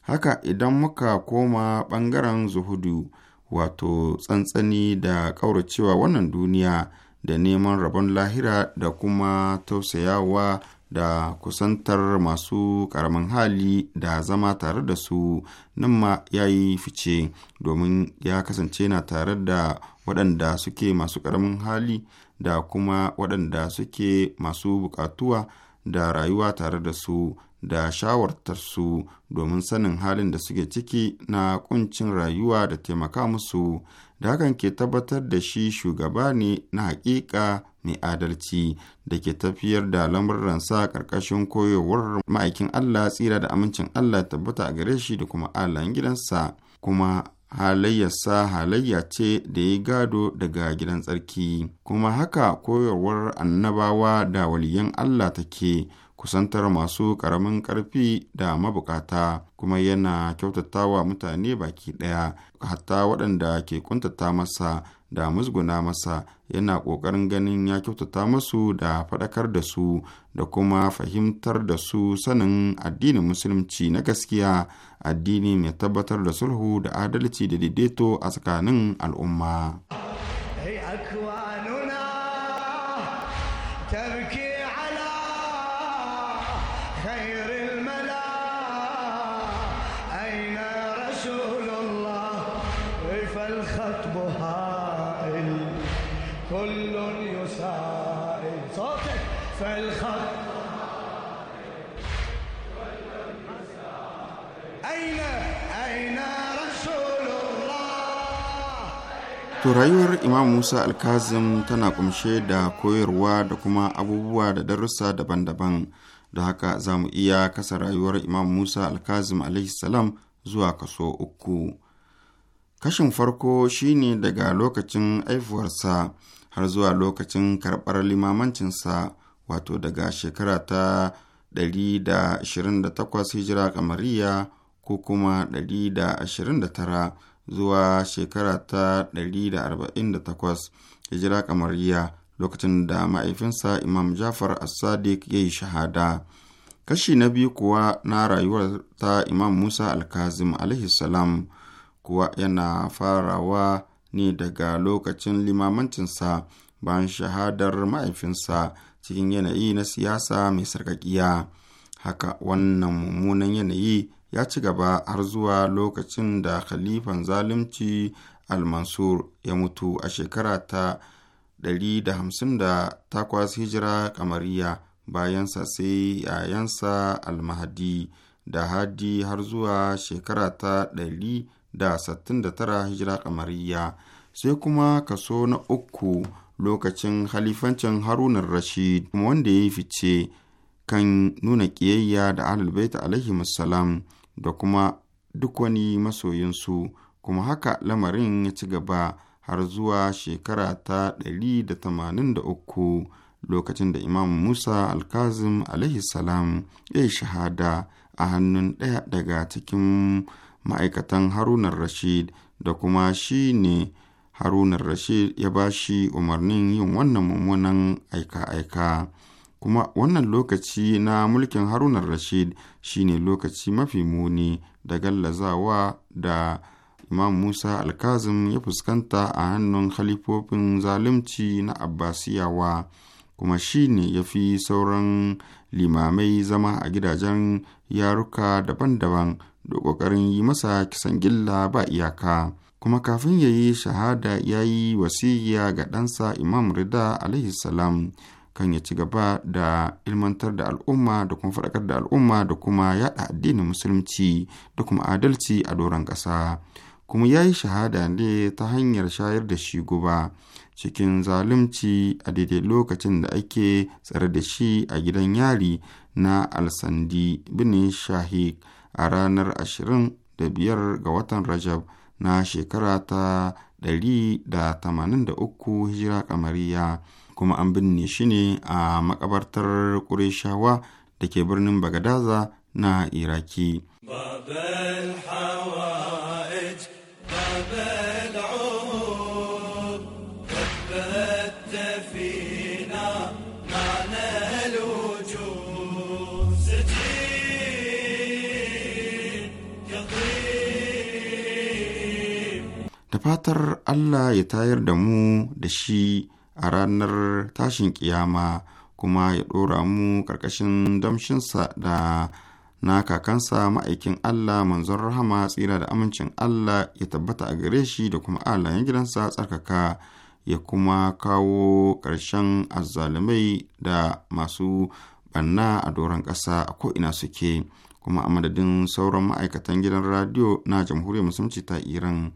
haka idan muka koma ɓangaren zuhudu wato tsantsani da ƙauracewa wannan duniya da neman rabon lahira da kuma tausayawa da kusantar masu ƙaramin hali da zama tare da su nan ma ya yi fice domin ya kasance na tare da waɗanda suke masu ƙaramin hali da kuma waɗanda suke masu buƙatuwa da rayuwa tare da su da shawartarsu domin sanin halin da suke ciki na kuncin rayuwa da taimaka musu da hakan ke tabbatar da shi shugaba ne na hakika mai adalci da ke tafiyar da lamuransa ƙarƙashin koyowar ma'aikin Allah tsira da amincin Allah tabbata a gare shi da kuma Allahn gidansa kuma halayyarsa halayya ce da ya gado daga gidan tsarki kuma haka koyarwar annabawa da waliyan Allah take kusantar masu ƙaramin karfi da mabukata kuma yana kyautatawa mutane baki ɗaya hatta waɗanda ke kuntata masa da musguna masa yana ƙoƙarin ganin ya kyautata masu da faɗakar da su da kuma fahimtar da su sanin addinin musulunci na gaskiya addini mai tabbatar da sulhu da adalci da daidaito a tsakanin al'umma. To rayuwar Imam Musa Alkazim tana kumshe da koyarwa da kuma abubuwa da darussa daban-daban, da haka za mu iya kasa rayuwar Imam Musa Alkazim salam zuwa kaso uku. Kashin farko shine daga lokacin aifuwarsa har zuwa lokacin karɓar limamancinsa, wato daga shekara ta 128 hijira kamariya ko kuma 129 zuwa shekara ta 148 hijira kamariya lokacin da ma'aifinsa imam jafar as-sadiq ya yi shahada kashi na biyu kuwa na rayuwar ta imam musa al-Kazim salam kuwa yana farawa ne daga lokacin limamancinsa bayan shahadar ma'aifinsa cikin yanayi na siyasa mai sarkakiya haka wannan mummunan yanayi ya ci gaba har zuwa lokacin da khalifan zalunci al-mansur ya mutu a shekara ta 158 hijira kamariya bayan sa sai yayansa al-mahadi da hadi har zuwa shekara ta 169 hijira kamariya sai kuma kaso na uku lokacin halifancin harunan rashid kuma wanda ya yi fice kan nuna ƙiyayya da alalbaita alaihi musallam da kuma duk wani masoyinsu kuma haka lamarin ya ci gaba har zuwa shekara ta ɗari 183 lokacin da imam musa alkazim salam ya yi shahada a hannun ɗaya daga cikin ma'aikatan harunar rashid da kuma shi ne harunar rashid ya ba shi umarnin yin wannan mummunan aika-aika kuma wannan lokaci na mulkin harunan rashid shine lokaci mafi muni da gallazawa da imam musa alkazim ya fuskanta a hannun halifofin zalunci na abbasiyawa kuma shine ya fi sauran limamai zama a gidajen yaruka daban-daban da ƙoƙarin yi masa kisan gilla ba iyaka kuma kafin ya yi shahada ya yi wasiya ga ɗansa imam rida alaihi salam kan ya ci gaba da ilmantar da al'umma da kuma faɗakar da al'umma da kuma yaɗa addinin musulunci da kuma adalci a doron ƙasa kuma ya yi shahada ne ta hanyar shayar da shi guba cikin zalunci a daidai lokacin da ake tsare da shi a gidan yari na alsandi bin shahik a ranar 25 ga watan rajab na shekara ta 183 hijira kamariya kuma an binne shi ne a makabartar Qurayshawa da ke birnin Bagadaza na Iraki. fatar Allah ya tayar da mu da shi a ranar tashin kiyama kuma ya ɗora mu ƙarƙashin damshinsa da na kakansa ma'aikin Allah manzon rahama tsira da amincin Allah ya tabbata a gare shi da kuma alayen gidansa tsarkaka ya kuma kawo ƙarshen azzalumai da masu banna a doron ƙasa a ko'ina suke kuma a madadin sauran ma'aikatan gidan radiyo na jamhuriyar musulunci ta iran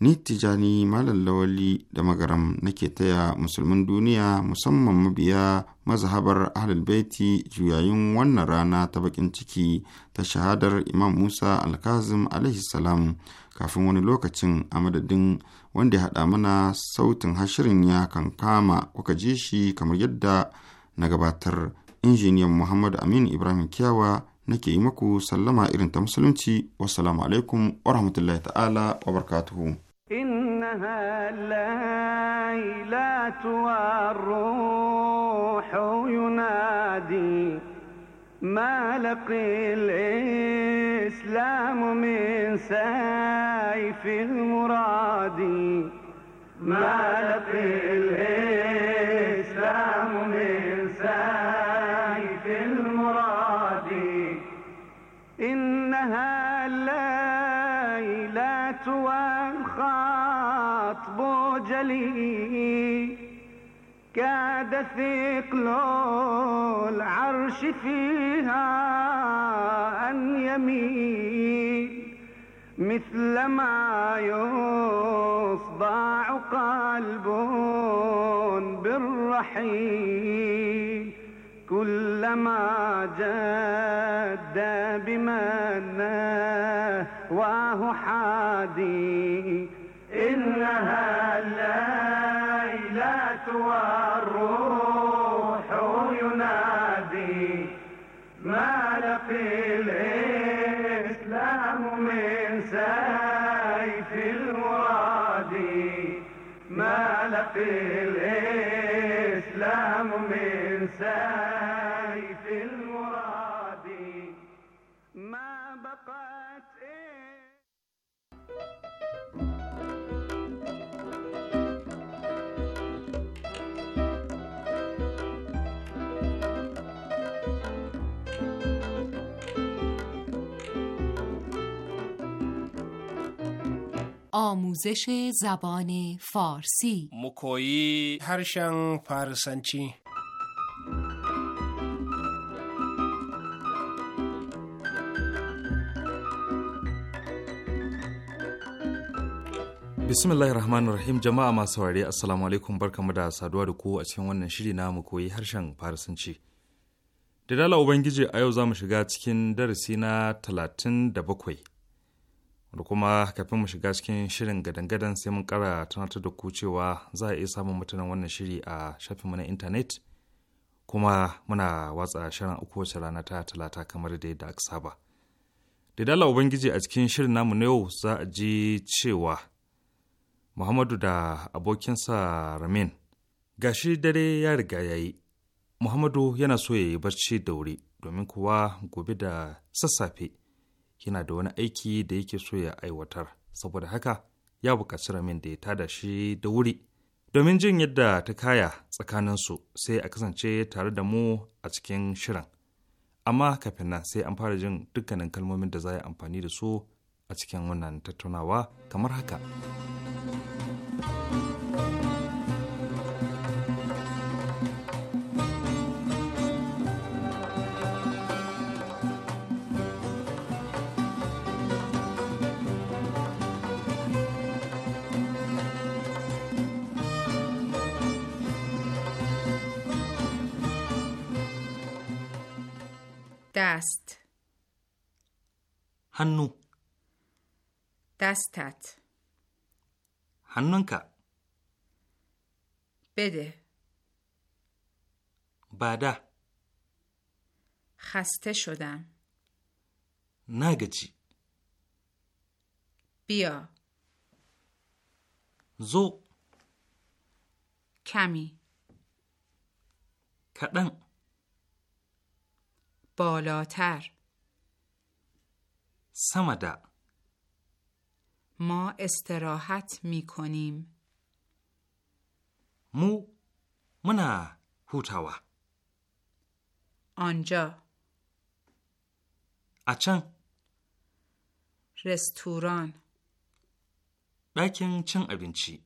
ni tijani malam lawali da magaram nake taya musulmin duniya musamman mabiya mazhabar ahlul baiti juyayin wannan rana ta bakin ciki ta shahadar imam musa alkazim alaihi salam kafin wani lokacin a madadin wanda ya haɗa mana sautin hashirin ya kan kama kuka ji shi kamar yadda na gabatar injiniyan muhammadu amin ibrahim kyawa nake yi maku sallama irin ta musulunci wasu alaikum wa rahmatullahi ta'ala wa barkatuhu إنها الليلة والروح ينادي ما لقي الإسلام من سيف المراد ما لقي الإسلام من سيف المراد إنها الليلة والروح حطب جلي كاد ثقل العرش فيها أن يميل مثل ما يصدع قلب بالرحيل كلما جد بمنه واه حادي عيونها الليلة والروح ينادي ما لقي الإسلام من سيف الورادي ما لقي الإسلام من سيف آموزش زبان فارسی مکویی هرشن فارسنچی bismillahir rahmanir rahim jama'a masu saurare assalamu alaikum barkamu da saduwa da ku a cikin wannan shiri na mu koyi harshen farisanci da dala ubangiji a yau za mu shiga cikin darasi na talatin da bakwai da kuma kafin mu shiga cikin shirin gadangadan sai mun kara tunatar da ku cewa za a iya samun mutanen wannan shiri a shafinmu na intanet kuma muna watsa shirin uku wace rana ta talata kamar da yadda aka saba. Da dala Ubangiji a cikin shirin namu na yau za a ji cewa Muhammadu da abokinsa Ramin gashi dare ya riga ya yi. Muhammadu yana so ya yi barci da wuri domin kuwa gobe da sassafe. yana da wani aiki da yake so ya aiwatar saboda haka ya buƙaci ramin da ya tada shi da wuri domin jin yadda ta kaya tsakaninsu sai a kasance tare da mu a cikin shirin amma kafin nan sai an fara jin dukkanin kalmomin da za a yi amfani da su a cikin wannan tattaunawa kamar haka. هنو دستت هنونکا بده بعدا خسته شدم نگجی بیا زو کمی کدن بالاتر سمده ما استراحت می کنیم مو منا هوتاوا آنجا اچن رستوران بکن چن ابینچی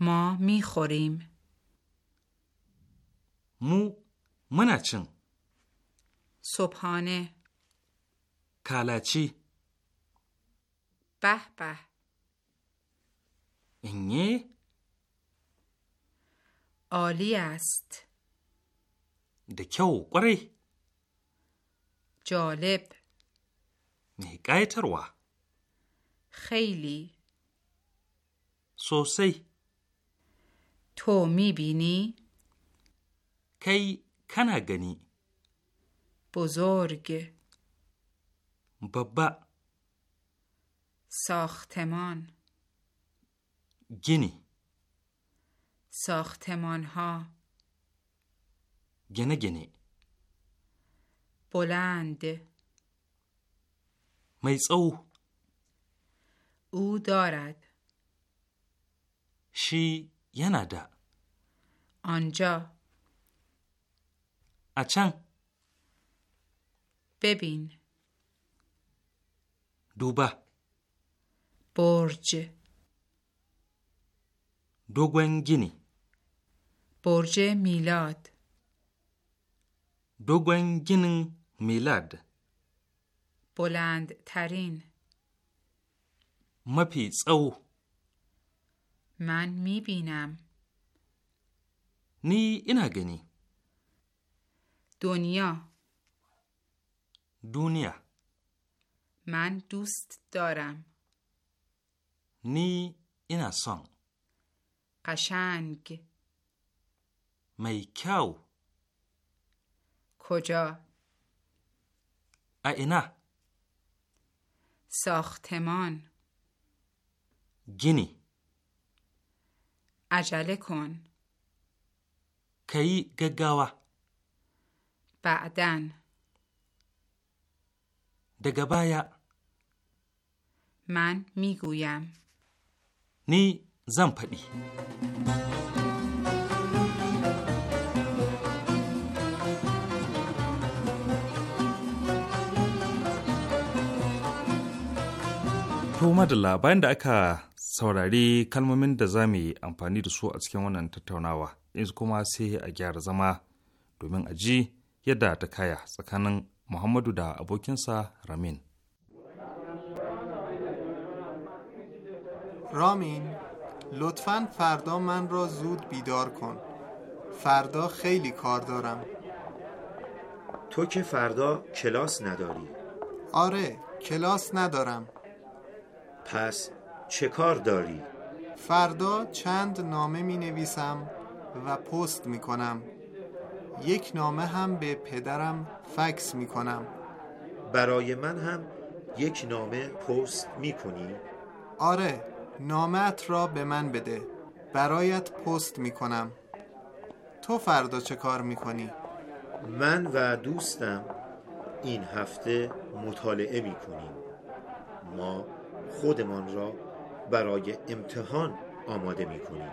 ما می خوریم مو منا چن صبحانه کالاچی به به اینی عالی است دکیو قری جالب وا، خیلی سوسی تو میبینی؟ کی کنگنی؟ بزرگ بابا ساختمان گنی ساختمان ها گنه گنی بلند میز او او دارد شی یه نده آنجا اچن ببین duba borje dogon gini borje milad dogon ginin milad boland tarin mafi tsawo man mibinam ni ina gani duniya duniya من دوست دارم نی این سان قشنگ میکاو کجا اینا ساختمان گینی عجله کن کی گگاوه بعدن دگبایا من میگویم نی زن پدی To madalla bayan da aka saurari kalmomin da za mu yi amfani da su a cikin wannan tattaunawa, yanzu kuma sai a gyara zama domin a ji yadda ta kaya tsakanin Muhammadu da abokinsa Ramin. رامین لطفا فردا من را زود بیدار کن فردا خیلی کار دارم تو که فردا کلاس نداری آره کلاس ندارم پس چه کار داری؟ فردا چند نامه می نویسم و پست می کنم یک نامه هم به پدرم فکس می کنم برای من هم یک نامه پست می کنی؟ آره نامت را به من بده برایت پست می کنم تو فردا چه کار می کنی؟ من و دوستم این هفته مطالعه می کنیم ما خودمان را برای امتحان آماده می کنیم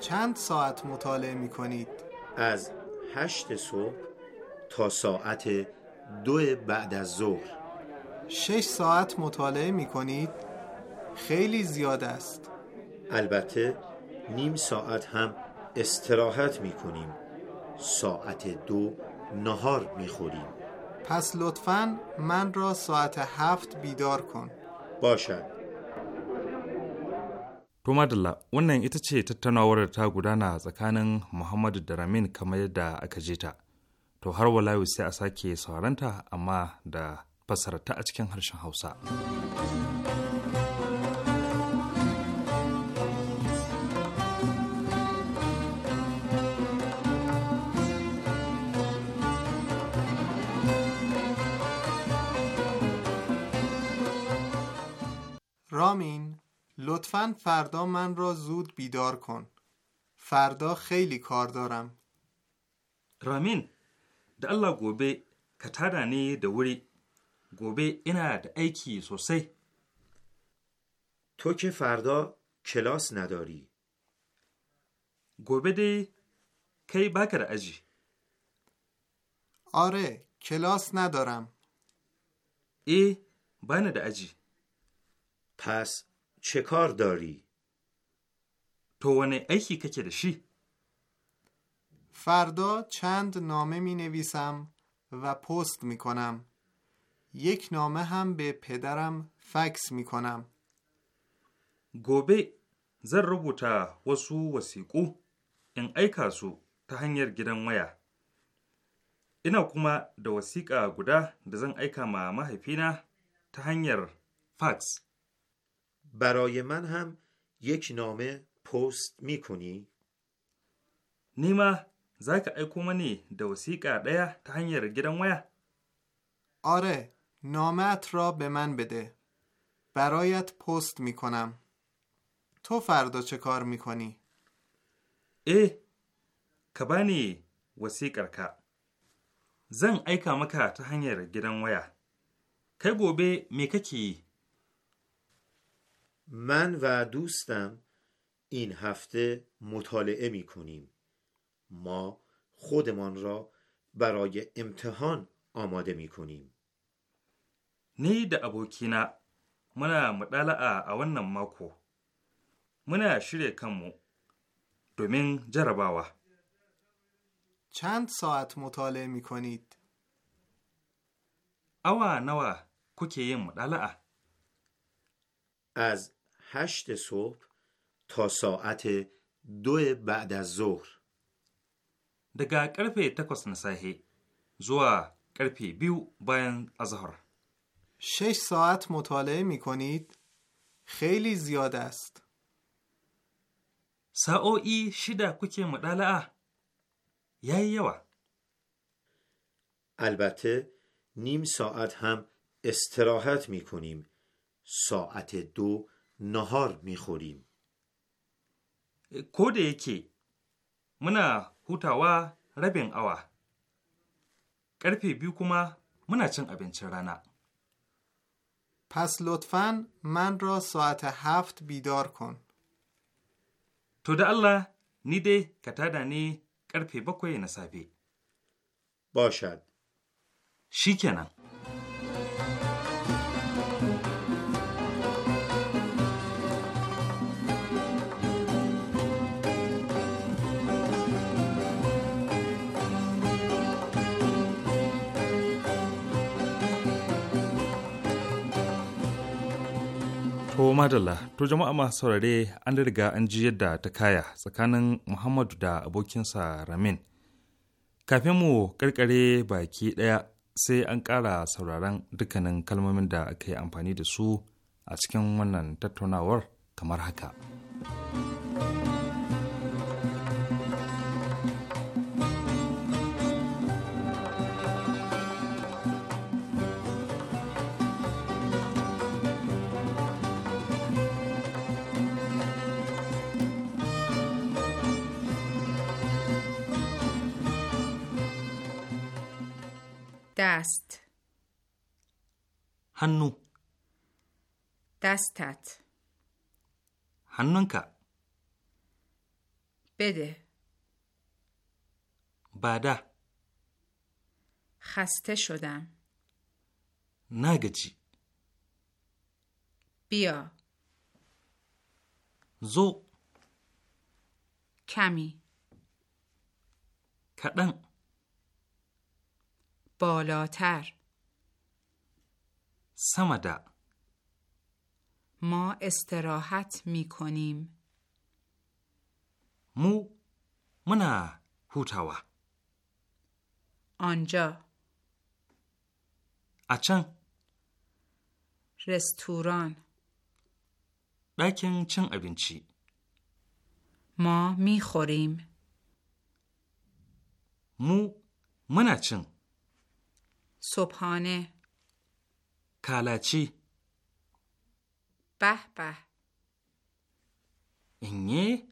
چند ساعت مطالعه می کنید؟ از هشت صبح تا ساعت دو بعد از ظهر شش ساعت مطالعه می کنید؟ خیلی زیاد است البته نیم ساعت هم استراحت می کنیم ساعت دو نهار می خوریم پس لطفا من را ساعت هفت بیدار کن باشد To Madalla, wannan ita ce tattaunawar da ta gudana tsakanin Muhammadu da Ramin kamar yadda aka je ta. To har walayu sai a sake sauranta amma da fasarta a cikin harshen Hausa. رامین لطفا فردا من را زود بیدار کن فردا خیلی کار دارم رامین د الله گوبه ka دوری گوبه da wuri gobe ina تو که فردا کلاس نداری گوبه ده کی بکر اجی آره کلاس ندارم ای بانه اجی پس چه کار داری؟ تو ونه ایکی که کدشی؟ فردا چند نامه می نویسم و پست می کنم. یک نامه هم به پدرم فکس می کنم. گوبه زن ربوتا وسو وسیقو in aika su ta hanyar gidan waya. Ina kuma da wasiƙa guda da zan aika ma mahaifina ta hanyar fax. برای من هم یک نامه پست می نیما زاک ایکو منی دوسیقه کرده تا گیرم ویا؟ آره نامت را به من بده برایت پست میکنم تو فردا چه کار میکنی کنی؟ ای کبانی وسیقر که زن ایکا مکه تا گیرم ویا که گوبه میکه چی؟ من و دوستم این هفته مطالعه می کنیم ما خودمان را برای امتحان آماده می کنیم نی دا ابوکینا منا مطالعه a ماکو منا شیره کمو دومین جرباوا چند ساعت مطالعه می کنید؟ اوا نوا kuke یه از هشت صبح تا ساعت دو بعد از ظهر دگه کرپه تکس نساهی زوا کرپه بیو باین از شش ساعت مطالعه می کنید خیلی زیاد است ساعوی شیده کوکی مطالعه یای یوا البته نیم ساعت هم استراحت می کنیم ساعت دو Nohor ni kori mu. Koda yake muna hutawa rabin awa, karfe biyu kuma muna cin abincin rana. Pas Lutfan, Mandro, Suwata, Haft, Bidowar, Kun. To da Allah ni dai ka ta dame karfe bakwai na safe. Bashir. Shi ke madalla, to jama'a masu saurare an riga an ji yadda ta kaya tsakanin Muhammadu da abokinsa Ramin. Kafin mu karkare baki ɗaya sai an ƙara sauraron dukkanin kalmomin da aka yi amfani da su a cikin wannan tattaunawar kamar haka. دست هنو دستت هنونکا بده بعدا خسته شدم نگجی بیا زو کمی کدن بالاتر سمدا ما استراحت می کنیم مو منا هوتاوا آنجا اچن رستوران دکن چن ابینچی ما می خوریم مو منا چن صبحانه کلچی به به اینی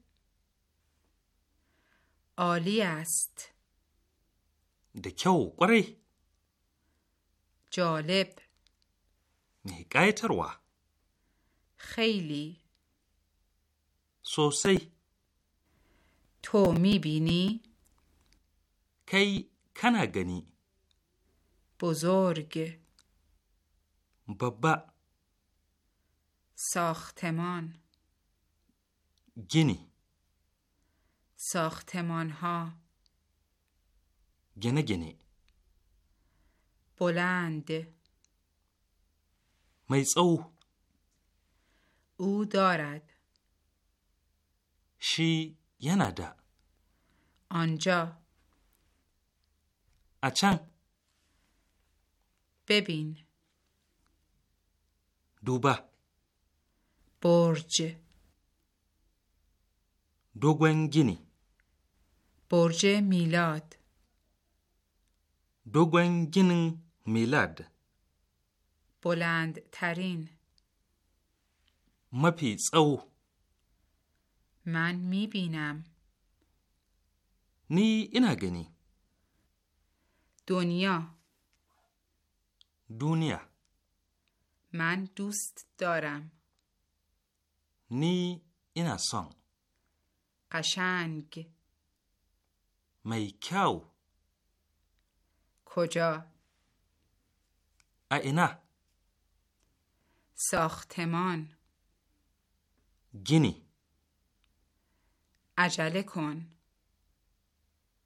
عالی است دکیو قری جالب و خیلی سوسی تو میبینی کی کنگنی بزرگ بابا ساختمان گینی ساختمان ها گنه گنی بلند میز او او دارد شی یه نده آنجا اچن ببین دوبه برج دوگنگینی برج میلاد دوگنگینی میلاد بلند ترین مپیز او من می نی اینا گنی دنیا دنیا من دوست دارم نی اینا سان قشنگ میکاو کجا اینا ساختمان گینی عجله کن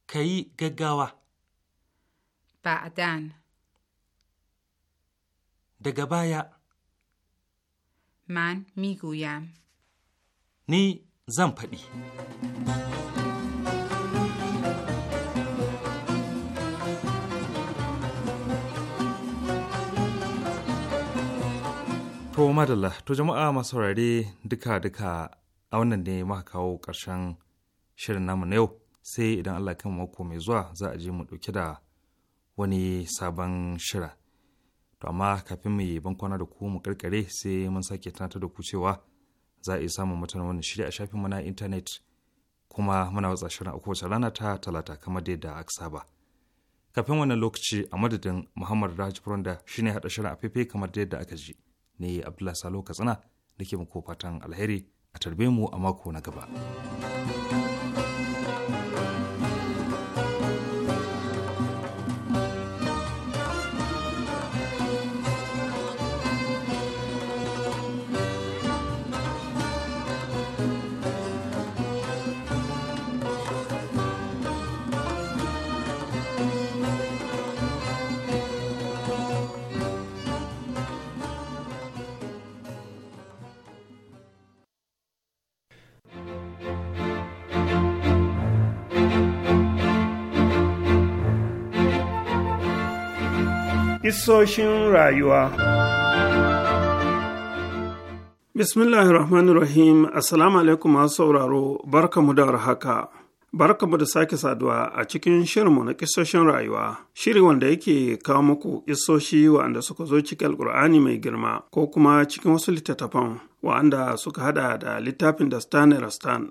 کی گگاوا بعدن daga baya من zan ni zan faɗi To madalla, to jama'a masu saurare duka-duka a wannan ne maka kawo ƙarshen shirin namu na yau sai idan Allah kan mako mai zuwa za a je mu ɗauki da wani sabon shirin. To amma kafin mu yi bankwana da ku mu karkare sai mun sake tunatar da ku cewa za a iya samun mutane wannan shirya a shafin mu na intanet kuma muna watsa shirin a kowace rana ta talata kamar dai da aka saba. Kafin wannan lokaci a madadin Muhammad Raji Furunda shine haɗa shirin a fefe kamar dai da aka ji. Ne Abdullahi Salo Katsina da ke muku fatan alheri a tarbe mu a mako na gaba. Isoshin rayuwa Bismillahirrahmanirrahim Assalamu alaikum masu sauraro barkamu da warhaka. Barkamu da sake saduwa a cikin shirinmu na kisoshin rayuwa, shiri wanda yake kawo muku kisoshi wa'anda suka zo cikin alkur'ani mai girma ko kuma cikin wasu littattafan wa'anda suka hada da littafin da stan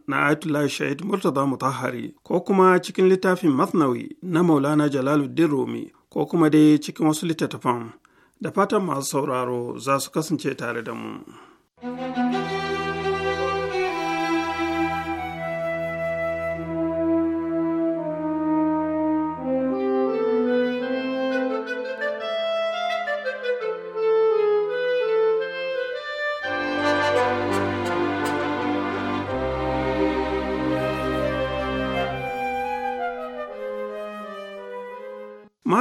na ayatollah shahid murtaza mutahari ko kuma cikin littafin masnawi na maulana jalaluddin rumi ko kuma dai cikin wasu littattafan da fatan masu sauraro za su kasance tare da mu.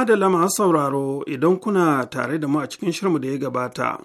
Madala masu sauraro idan kuna tare da mu a cikin shirmu da ya gabata,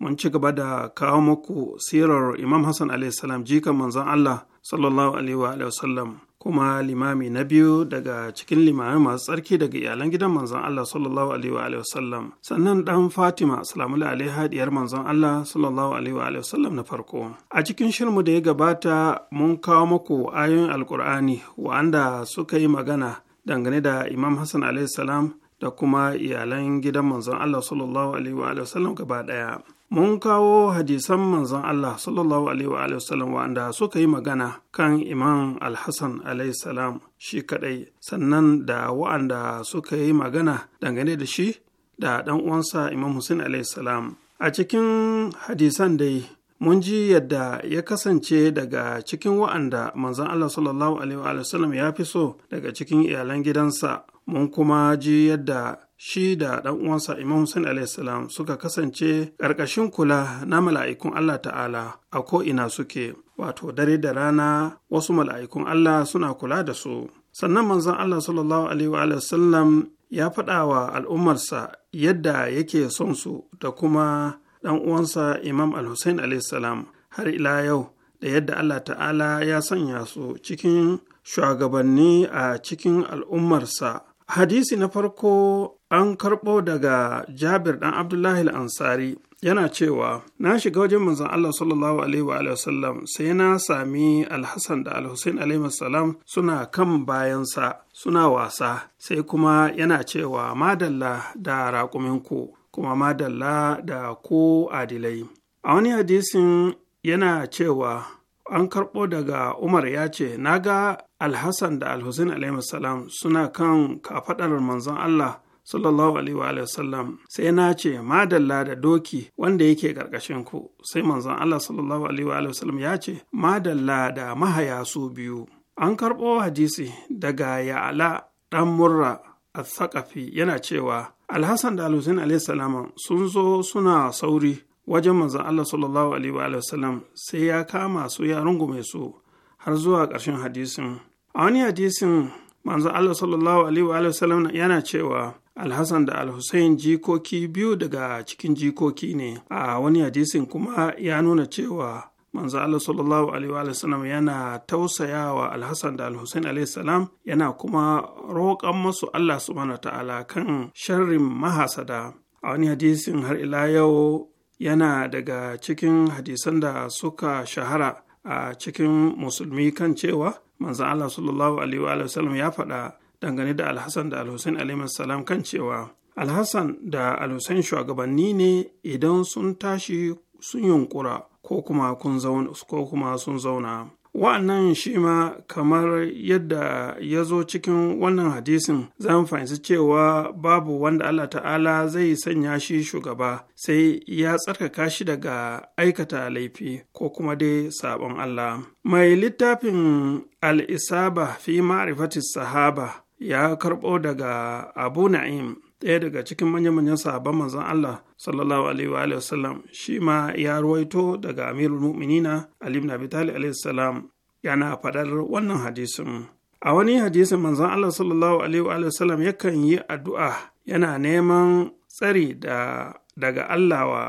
mun ci gaba da kawo muku sirar Imam Hassan salam jikan manzon Allah sallallahu Alaihi sallam kuma limami na biyu daga cikin limami masu tsarki daga iyalan gidan manzon Allah sallallahu Alaihi sallam sannan dan Fatima salamu alaiha diyar manzon Allah sallallahu Alaihi sallam na farko. A cikin shirmu da ya gabata mun kawo muku ayoyin Alkur'ani wa'anda suka yi magana dangane da imam hassan salam da kuma iyalan gidan manzon Allah sallallahu alaihi wa sallam gaba ɗaya. Mun kawo hadisan manzon Allah sallallahu alaihi wa sallam wanda suka yi magana kan Imam Al-Hassan alaihi salam shi kadai sannan da wa'anda suka yi magana dangane da shi da dan uwansa Imam Hussein alaihi salam. A cikin hadisan dai mun ji yadda ya kasance daga cikin wa'anda manzon Allah sallallahu alaihi wa sallam ya fi so daga cikin iyalan gidansa mun kuma ji yadda shi da ɗan uwansa Imam Hussein alaihissalam suka kasance ƙarƙashin kula na mala'ikun Allah ta'ala a ko'ina suke, wato dare da rana wasu mala'ikun Allah suna kula da su. Sannan manzon Allah sallallahu alaihi wa sallam ya faɗa wa al'ummarsa yadda yake son su da kuma ɗan uwansa Imam Al-Hussein alaihissalam har ila yau da yadda Allah ta'ala ya sanya su cikin shugabanni a cikin al'ummarsa. hadisi na farko an karɓo daga jabir ɗan abdullahi ansari yana cewa na shiga wajen manzon Allah sallallahu alaihi wa wasallam sai na sami alhassan da alhussein alaihi wasallam suna kan bayansa suna wasa sai kuma yana cewa madalla da raƙuminku kuma madalla da ko adilai a wani hadisin yana cewa an karɓo daga umar ya ce na ga alhassan da alhussein salam suna kan kafaɗar manzon allah sallallahu alaihi wa sallam sai na ce madalla da doki wanda yake ƙarƙashin ku sai manzon allah sallallahu alaihi wa sallam ya ce madalla da mahaya su biyu an karɓo hadisi daga ya'ala ɗan murra a tsakafi yana cewa alhassan da alhussein salam sun zo suna sauri wajen manzan Allah sallallahu alaihi wa sallam sai ya kama su ya rungume su har zuwa ƙarshen hadisin a wani hadisin manzan Allah sallallahu alaihi wa sallam yana cewa alhassan da alhussein jikoki biyu daga cikin jikoki ne a wani hadisin kuma ya nuna cewa manzan Allah sallallahu alaihi wa sallam yana tausayawa alhassan da alhussein alaihi yana kuma roƙan masu Allah subhanahu ta'ala kan sharrin mahasada a wani hadisin har ila yau yana daga cikin hadisan da suka shahara a cikin musulmi kan cewa manzan Allah sallallahu alaihi wa sallam ya faɗa dangane da alhassan da alhussein alaihi salam kan cewa alhassan da alhussein shugabanni ne idan sun tashi sun yunkura ko kuma sun zauna wa'annan shi ma kamar yadda ya zo cikin wannan hadisin zan fahimci cewa babu wanda Allah ta'ala zai sanya shi shugaba sai ya tsarkaka shi daga aikata laifi ko kuma dai sabon Allah mai littafin al'isaba fi ma'rifatis sahaba ya karɓo daga abu na'im ɗaya daga cikin manya-manyan sahabban manzon Allah sallallahu alaihi wa wasallam shi ma ya ruwaito daga amirul mu'minina Ali ibn Abi Talib alaihi salam yana faɗar wannan hadisin a wani hadisin manzon Allah sallallahu alaihi wa wasallam yakan yi addu'a yana neman tsari da daga Allah wa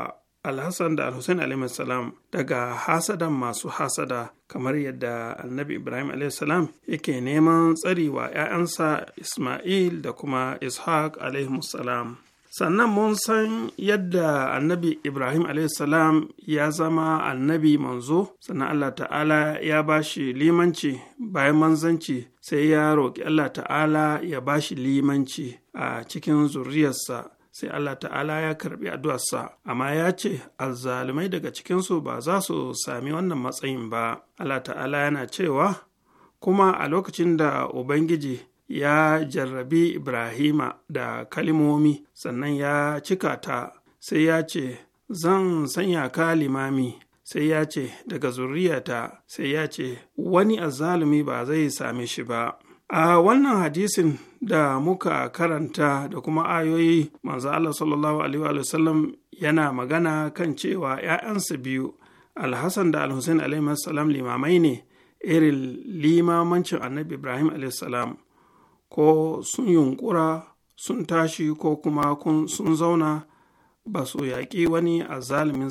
alhassan da alhussein salam daga hasadan masu hasada kamar yadda annabi ibrahim yake neman tsari wa 'ya'yansa isma'il da kuma ishaq alaihi salam sannan mun san yadda annabi ibrahim salam ya zama annabi manzo sannan allah ta'ala ya ba shi limanci bayan manzanci sai ya roƙi allah ta'ala ya ba shi limanci a cikin zuriyarsa sai Allah ta'ala ya karbi addu'arsa amma ya ce azzalumai daga cikinsu ba za su sami wannan matsayin ba Allah ta'ala yana cewa kuma a lokacin da ubangiji ya jarrabi ibrahima da kalimomi sannan ya cika ta sai ya ce zan sanya ka limami sai ya ce daga zuriyata sai ya ce wani azzalumi ba zai same shi ba a wannan hadisin da muka karanta da kuma ayoyi manzo Allah sallallahu alaihi wa sallam yana magana kan cewa ‘ya'yansa biyu alhassan da alhussein alaihi salam limamai ne irin limamancin annabi ibrahim salam ko sun yunkura sun tashi ko kuma sun zauna ba su yaƙi wani a zalimin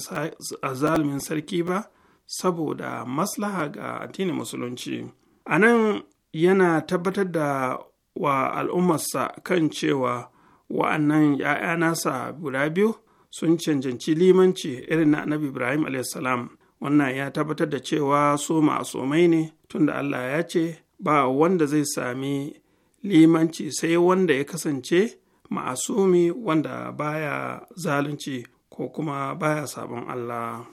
sarki ba saboda maslaha ga addinin musulunci a nan yana tabbatar da wa al'ummarsa kan cewa wa'annan ‘ya'ya nasa guda biyu sun canjanci limanci irin na annabi ibrahim salam wannan ya tabbatar da cewa su masomai ne tunda allah ya ce ba wanda zai sami limanci sai wanda ya kasance ma'asumi wanda baya zalunci ko kuma baya sabon allah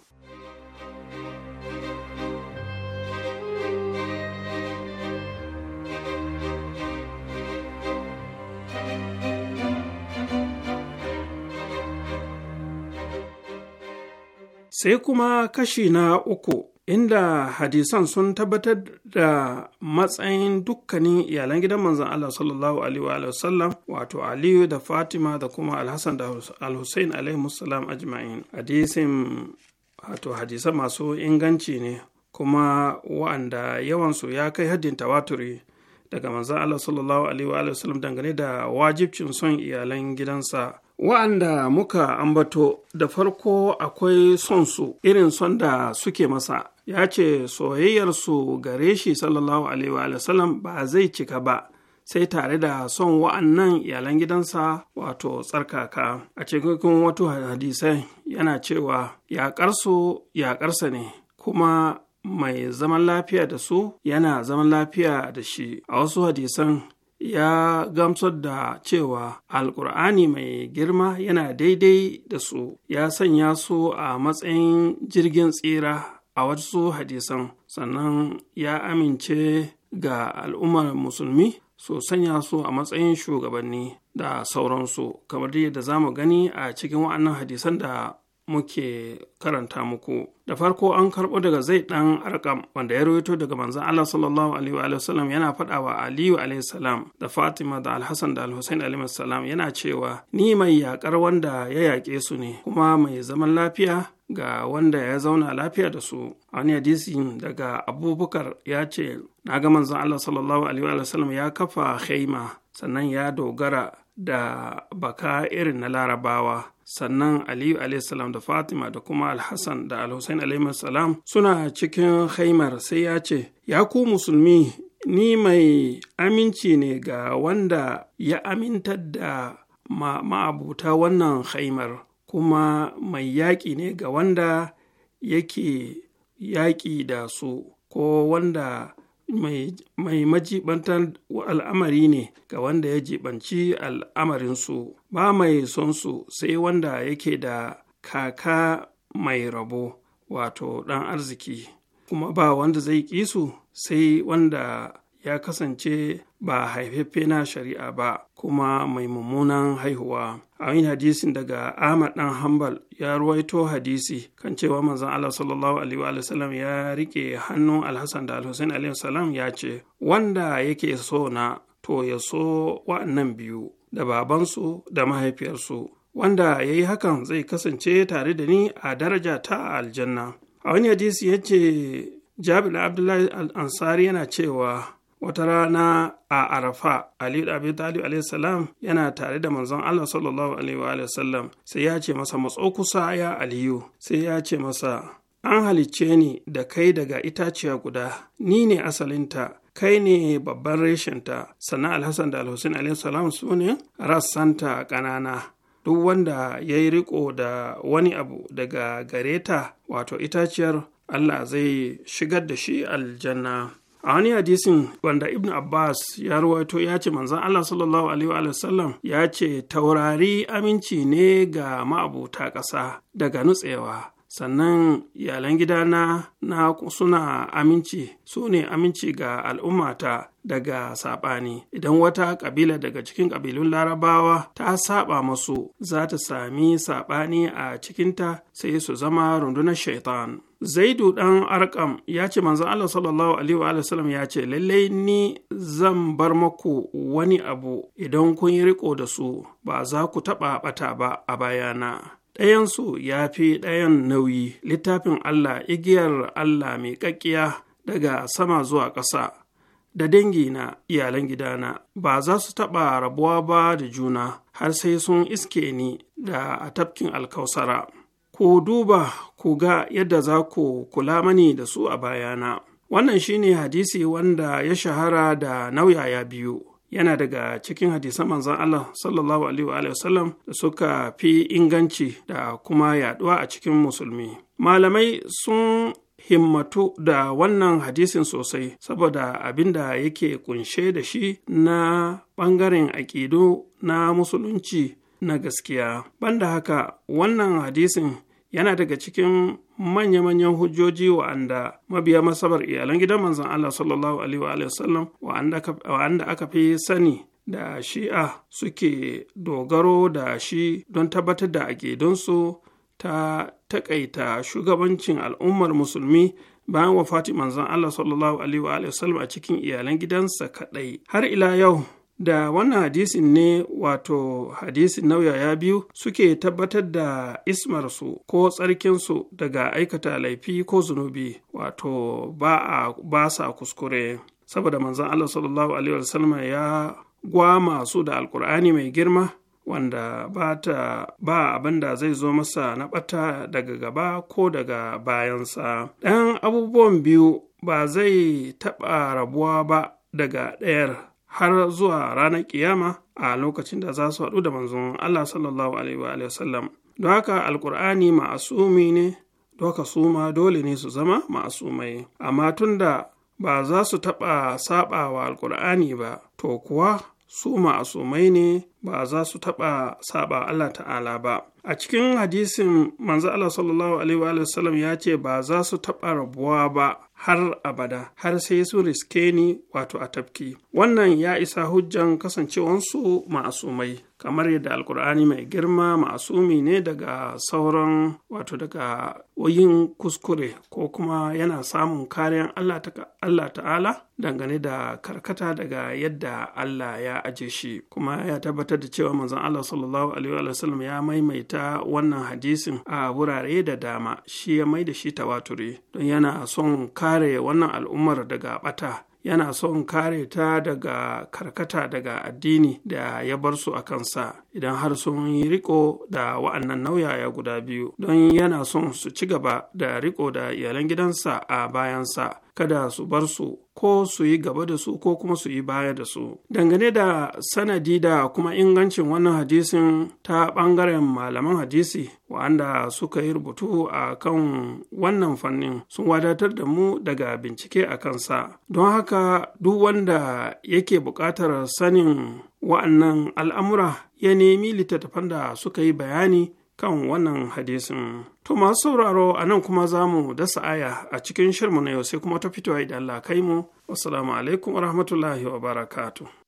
Sai kuma kashi na uku, inda hadisan sun tabbatar da matsayin dukkanin iyalan gidan manzan Allah sallallahu Alaihi sallam wato Aliyu da Fatima da kuma Alhassan da Alhussein alaihi salam ajma'in. Hadisin wato hadisan masu inganci ne kuma wa'anda yawansu ya kai haddin tawaturi daga manzan Allah sallallahu Alaihi sallam dangane da wajibcin son iyalan gidansa. wa'anda muka ambato da farko akwai son su irin son da suke masa ya ce soyayyarsu gare shi sallallahu alaihi wa ba zai cika ba sai tare da son wa'annan iyalan gidansa wato tsarkaka a cikin wato hadisai yana cewa yaƙarsu yaƙarsa ne kuma mai zaman lafiya da su yana zaman lafiya da shi a wasu hadisan ya gamsar da cewa alkur'ani mai girma yana daidai da su ya sanya su a matsayin jirgin tsira a wasu hadisan sannan ya amince ga al'ummar musulmi su sanya su a matsayin shugabanni da sauransu kamar yadda za mu gani a cikin wa'annan hadisan da muke karanta muku da farko an karɓo daga zai ɗan arkam wanda ya rawaito daga manzon Allah sallallahu alaihi wa sallam yana faɗawa wa Aliyu alaihi salam da Fatima da Alhassan da Alhussein alaihi salam yana cewa ni mai yakar wanda ya yaƙe su ne kuma mai zaman lafiya ga wanda ya zauna lafiya da su wani hadisin daga abubakar ya ce na ga manzon Allah sallallahu alaihi wa sallam ya kafa khaima sannan ya dogara da baka irin na larabawa sannan aliyu salam da fatima da kuma alhassan da alhussein salam suna cikin haimar sai ya ce ya ku musulmi ni mai aminci ne ga wanda ya amintar da ma'abuta wannan haimar kuma mai yaƙi ne ga wanda yake yaƙi da su ko wanda mai majibantar al'amari ne ga wanda ya jibanci al'amarinsu ba mai son su sai wanda yake da kaka mai rabo wato ɗan arziki kuma ba wanda zai ƙi su sai wanda ya kasance ba haifaffe na shari'a ba kuma mai mummunan haihuwa a yin hadisin daga ahmad dan hambal ya ruwaito hadisi kan cewa manzan allah sallallahu alaihi wa sallam ya rike hannun alhassan da alhussein alaihi salam ya ce wanda yake so na to ya so wa'annan biyu da babansu da mahaifiyarsu wanda ya yi hakan zai kasance tare da ni a daraja ta aljanna a wani hadisi ya ce jabir abdullahi al-ansari yana cewa wata rana a arafa Aliyu ali abin talib alaihissalam yana tare da manzon allah sallallahu alaihi wa sallam sai ya ce masa matso kusa ya aliyu sai ya ce masa an halicce ni da kai daga itaciya guda ni ne asalinta kai ne babban reshenta sannan alhassan da alhussein alaihissalam su ne rassanta ƙanana duk wanda ya yi riko da wani abu daga gareta wato itaciyar allah zai shigar da shi aljanna a wani hadisin wanda ibn abbas ya ruwaito ya ce manzan allah sallallahu alaihi wa sallam ya ce taurari aminci ne ga ma'abuta ƙasa daga nutsewa sannan iyalan gidana na suna aminci su ne aminci ga al'ummata daga saɓani idan wata ƙabila daga cikin ƙabilun larabawa ta saɓa masu za ta sami saɓani a cikinta sai su zama rundunar shaitan zaidu Dan arkam ya ce manzon allah sallallahu alaihi wa sallam ya ce lallai ni zan bar maku wani abu idan kun yi riko da su ba za ku taɓa ɓata ba a bayana ɗayansu ya fi ɗayan nauyi littafin allah igiyar allah mai ƙaƙƙiya daga sama zuwa ƙasa da dangi na iyalan gidana ba za su taɓa rabuwa ba da juna har sai sun iske ni da a tafkin alkausara ku duba ku ga yadda za ku kula mani da su a bayana. Wannan shi ne hadisi wanda ya shahara da nauyaya biyu, yana daga cikin hadisan manzan Allah sallallahu Alaihi wasallam da suka fi inganci da kuma yaduwa a cikin musulmi. Malamai sun himmatu da wannan hadisin sosai saboda abin da yake kunshe da shi na ɓangaren aƙidu na musulunci na gaskiya. Banda haka wannan hadisin yana daga cikin manya-manyan hujjoji wa'anda mabiya masabar iyalan gidan manzon Allah sallallahu alaihi wa wa'anda aka fi sani da shi'a suke dogaro da shi don tabbatar da su ta takaita shugabancin al'ummar musulmi bayan wafati manzon Allah sallallahu alaihi wa a cikin iyalan gidansa kaɗai har ila yau da wannan hadisin ne wato hadisin ya biyu suke tabbatar da ismarsu ko tsarkinsu daga aikata laifi ko zunubi wato ba a sa kuskure saboda manzon Allah sallallahu alaihi wasallam ya gwama su da alkur'ani mai girma wanda ba ta ba abin da zai zo masa na ɓata daga gaba ko daga bayansa ɗan abubuwan biyu ba zai taɓa rabuwa ba daga ɗayar har zuwa ranar kiyama a lokacin da za su haɗu da manzon Allah sallallahu alaihi wa sallam don haka alkur'ani ma'asumi ne doka suma dole ne su zama ma'asumai amma tun da ba za su taɓa saɓawa Alƙur'ani ba to kuwa su ma'asumai ne ba za su taɓa saɓa Allah ta'ala ba a cikin hadisin manzo Allah sallallahu alaihi wa sallam ya ce ba za su taɓa rabuwa ba har abada har sai su riske ni wato a tafki wannan ya isa hujjan kasancewansu ma'asumai kamar yadda alkur'ani mai girma ma'asumi ne daga sauran wato daga wayin kuskure ko kuma yana samun kariyar allah ta'ala dangane da karkata daga yadda allah ya aje shi kuma ya tabbatar da cewa manzon allah sallallahu alaihi wasallam ya maimaita wannan hadisin a wurare da dama shi ya mai da shi tawaturi don yana son kare wannan al'ummar daga bata yana son kare ta daga karkata daga addini da ya bar su a kansa idan har sun yi riko da wa'annan nauyaya guda biyu don yana son su ci gaba da riko da iyalan gidansa a bayansa kada su bar su ko su yi gaba da su ko kuma su yi baya da su dangane da sanadi da kuma ingancin wannan hadisin ta ɓangaren malaman hadisi wa'anda suka yi rubutu a kan wannan fannin sun wadatar da mu daga bincike a kansa don haka duk wanda yake buƙatar sanin wa'annan al'amura ya nemi littattafan da suka yi bayani kan wannan hadisin. To masu sauraro a nan kuma za mu dasa aya a cikin shirmu na yau sai kuma ta fito idan Allah kai mu. Wassalamu alaikum wa rahmatullahi wa barakatuh.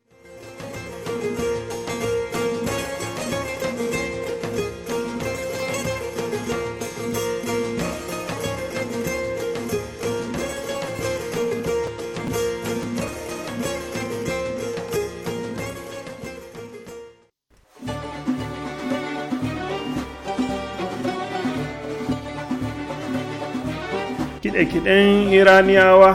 kiɗe-kiɗen iraniyawa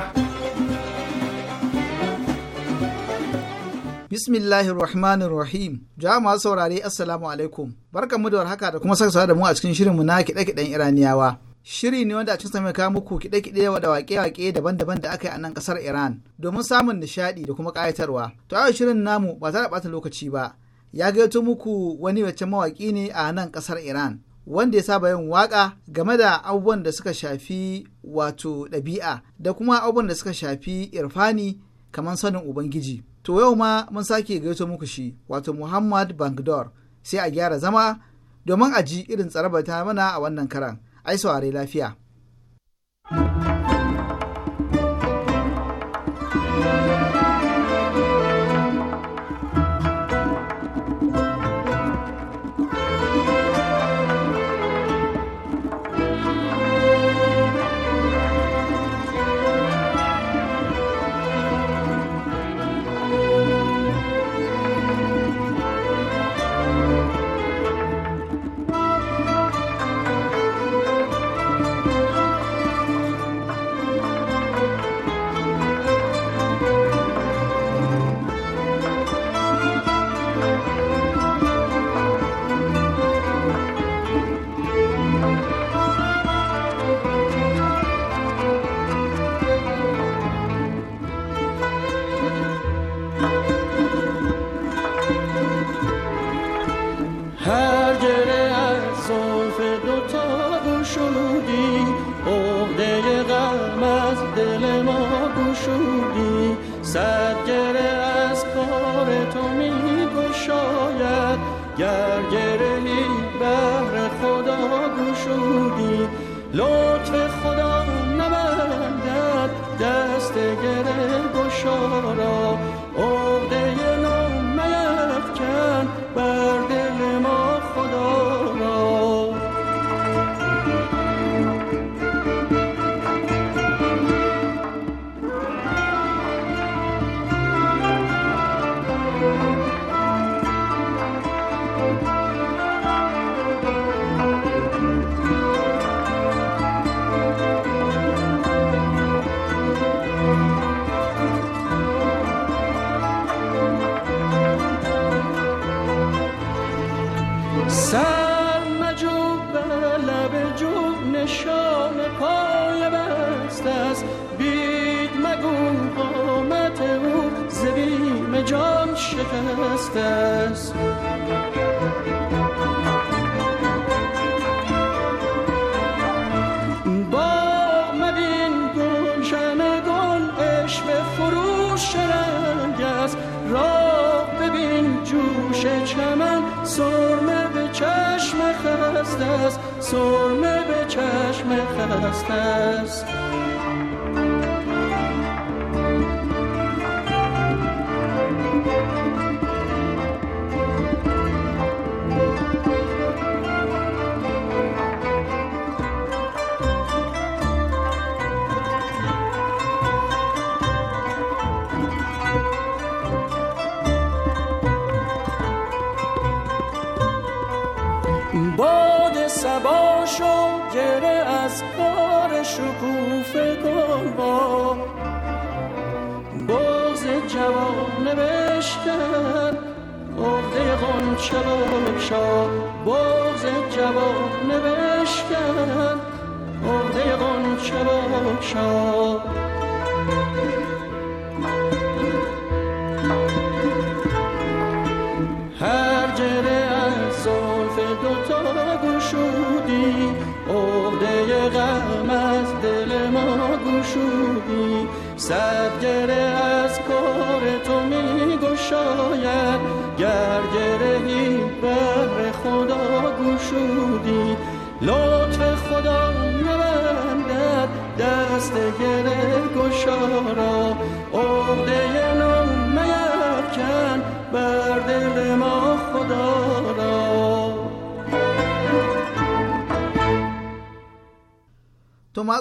bismillahir rahmanir rahim jama'a saurare assalamu alaikum mu da warhaka da kuma saka da mu a cikin shirinmu na kiɗe-kiɗen iraniyawa shiri ne wanda a cikin mai kawo muku kiɗe-kiɗe da waƙe-waƙe daban-daban da aka yi a nan ƙasar iran domin samun nishaɗi da kuma ƙayatarwa to a shirin namu ba za a ɓata lokaci ba ya gaito muku wani wacce mawaƙi ne a nan ƙasar iran wanda ya saba yin waka game da abubuwan da suka shafi wato ɗabi'a da kuma abubuwan da suka shafi irfani kamar sanin ubangiji to yau ma mun sake gaito muku shi wato muhammad bangdor sai a gyara zama domin a ji irin tsarabar ta mana a wannan karan ai saurare lafiya thank you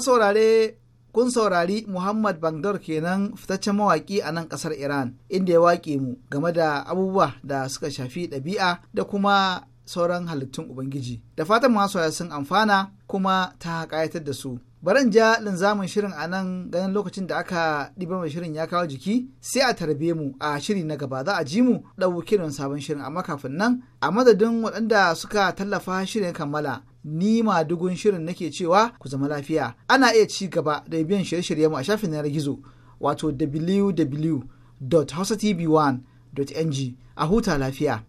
saurare kun saurari Muhammad Bangdor kenan fitaccen mawaki a nan kasar Iran inda ya waƙe mu game da abubuwa da suka shafi ɗabi'a da kuma sauran halittun Ubangiji. Da fatan masu sun amfana kuma ta ƙayatar da su. Baran ja linzamin shirin a nan ganin lokacin da aka ɗiba mai shirin ya kawo jiki sai a tarbe mu a shiri na gaba za a ji mu ɗauki kiran sabon shirin amma kafin nan a madadin waɗanda suka tallafa shirin kammala ni ma dugun shirin nake cewa ku zama lafiya ana iya ci gaba da biyan shirye-shiryen mu a shafin yanar gizo wato www.hausatv1.ng a huta lafiya.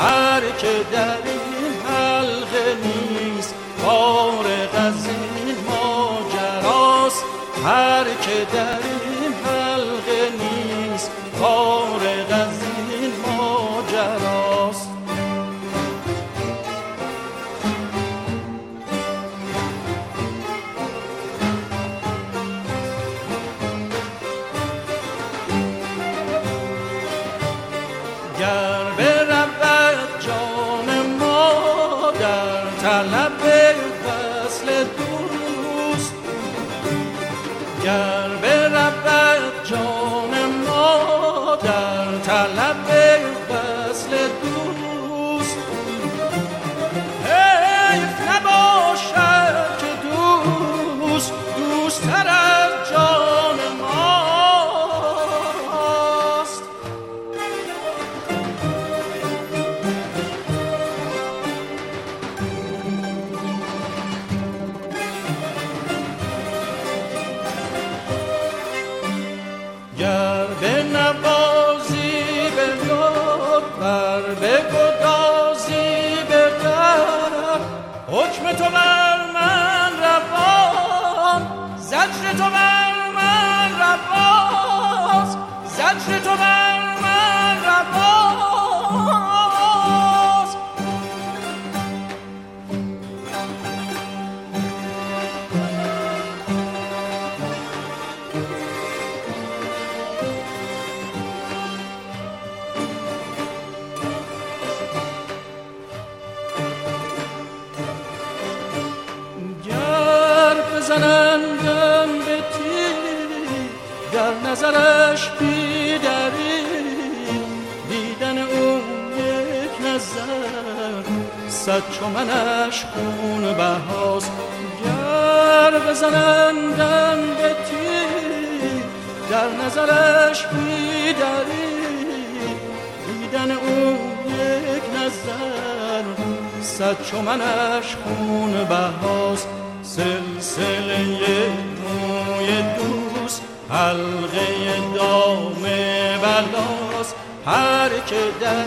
هر که در صد چو منش خون بهاست گر بزنندم به تی در نظرش بیدری دیدن اون یک نظر صد چو منش خون بهاست سلسله موی دوست حلقه دام بلاست هر که در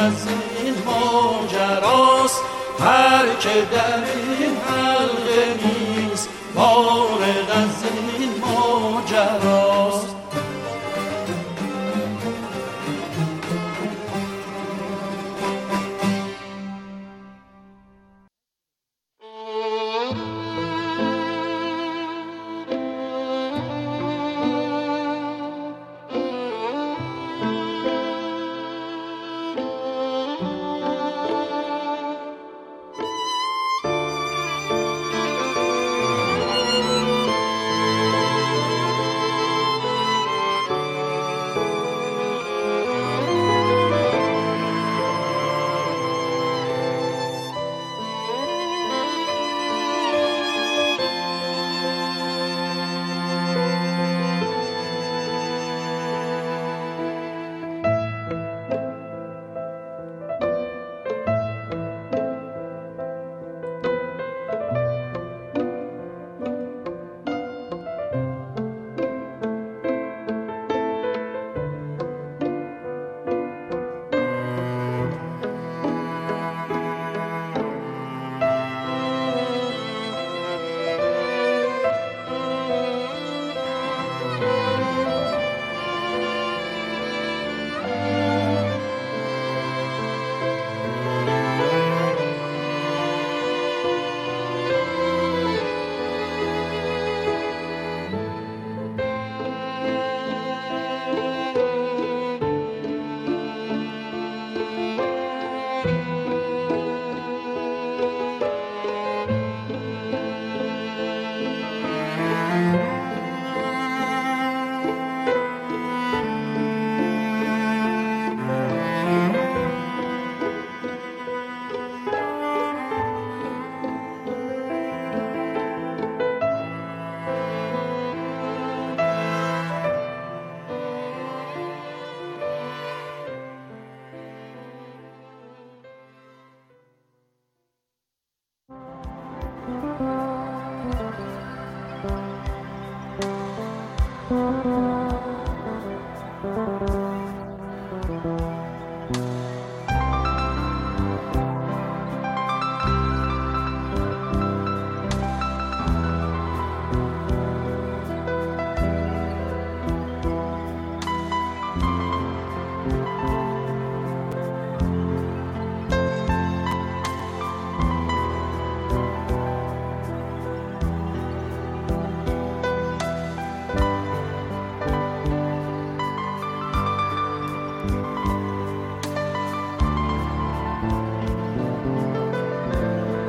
از این ماجراست هر که در این حلقه نیست فارغ از این ماجراست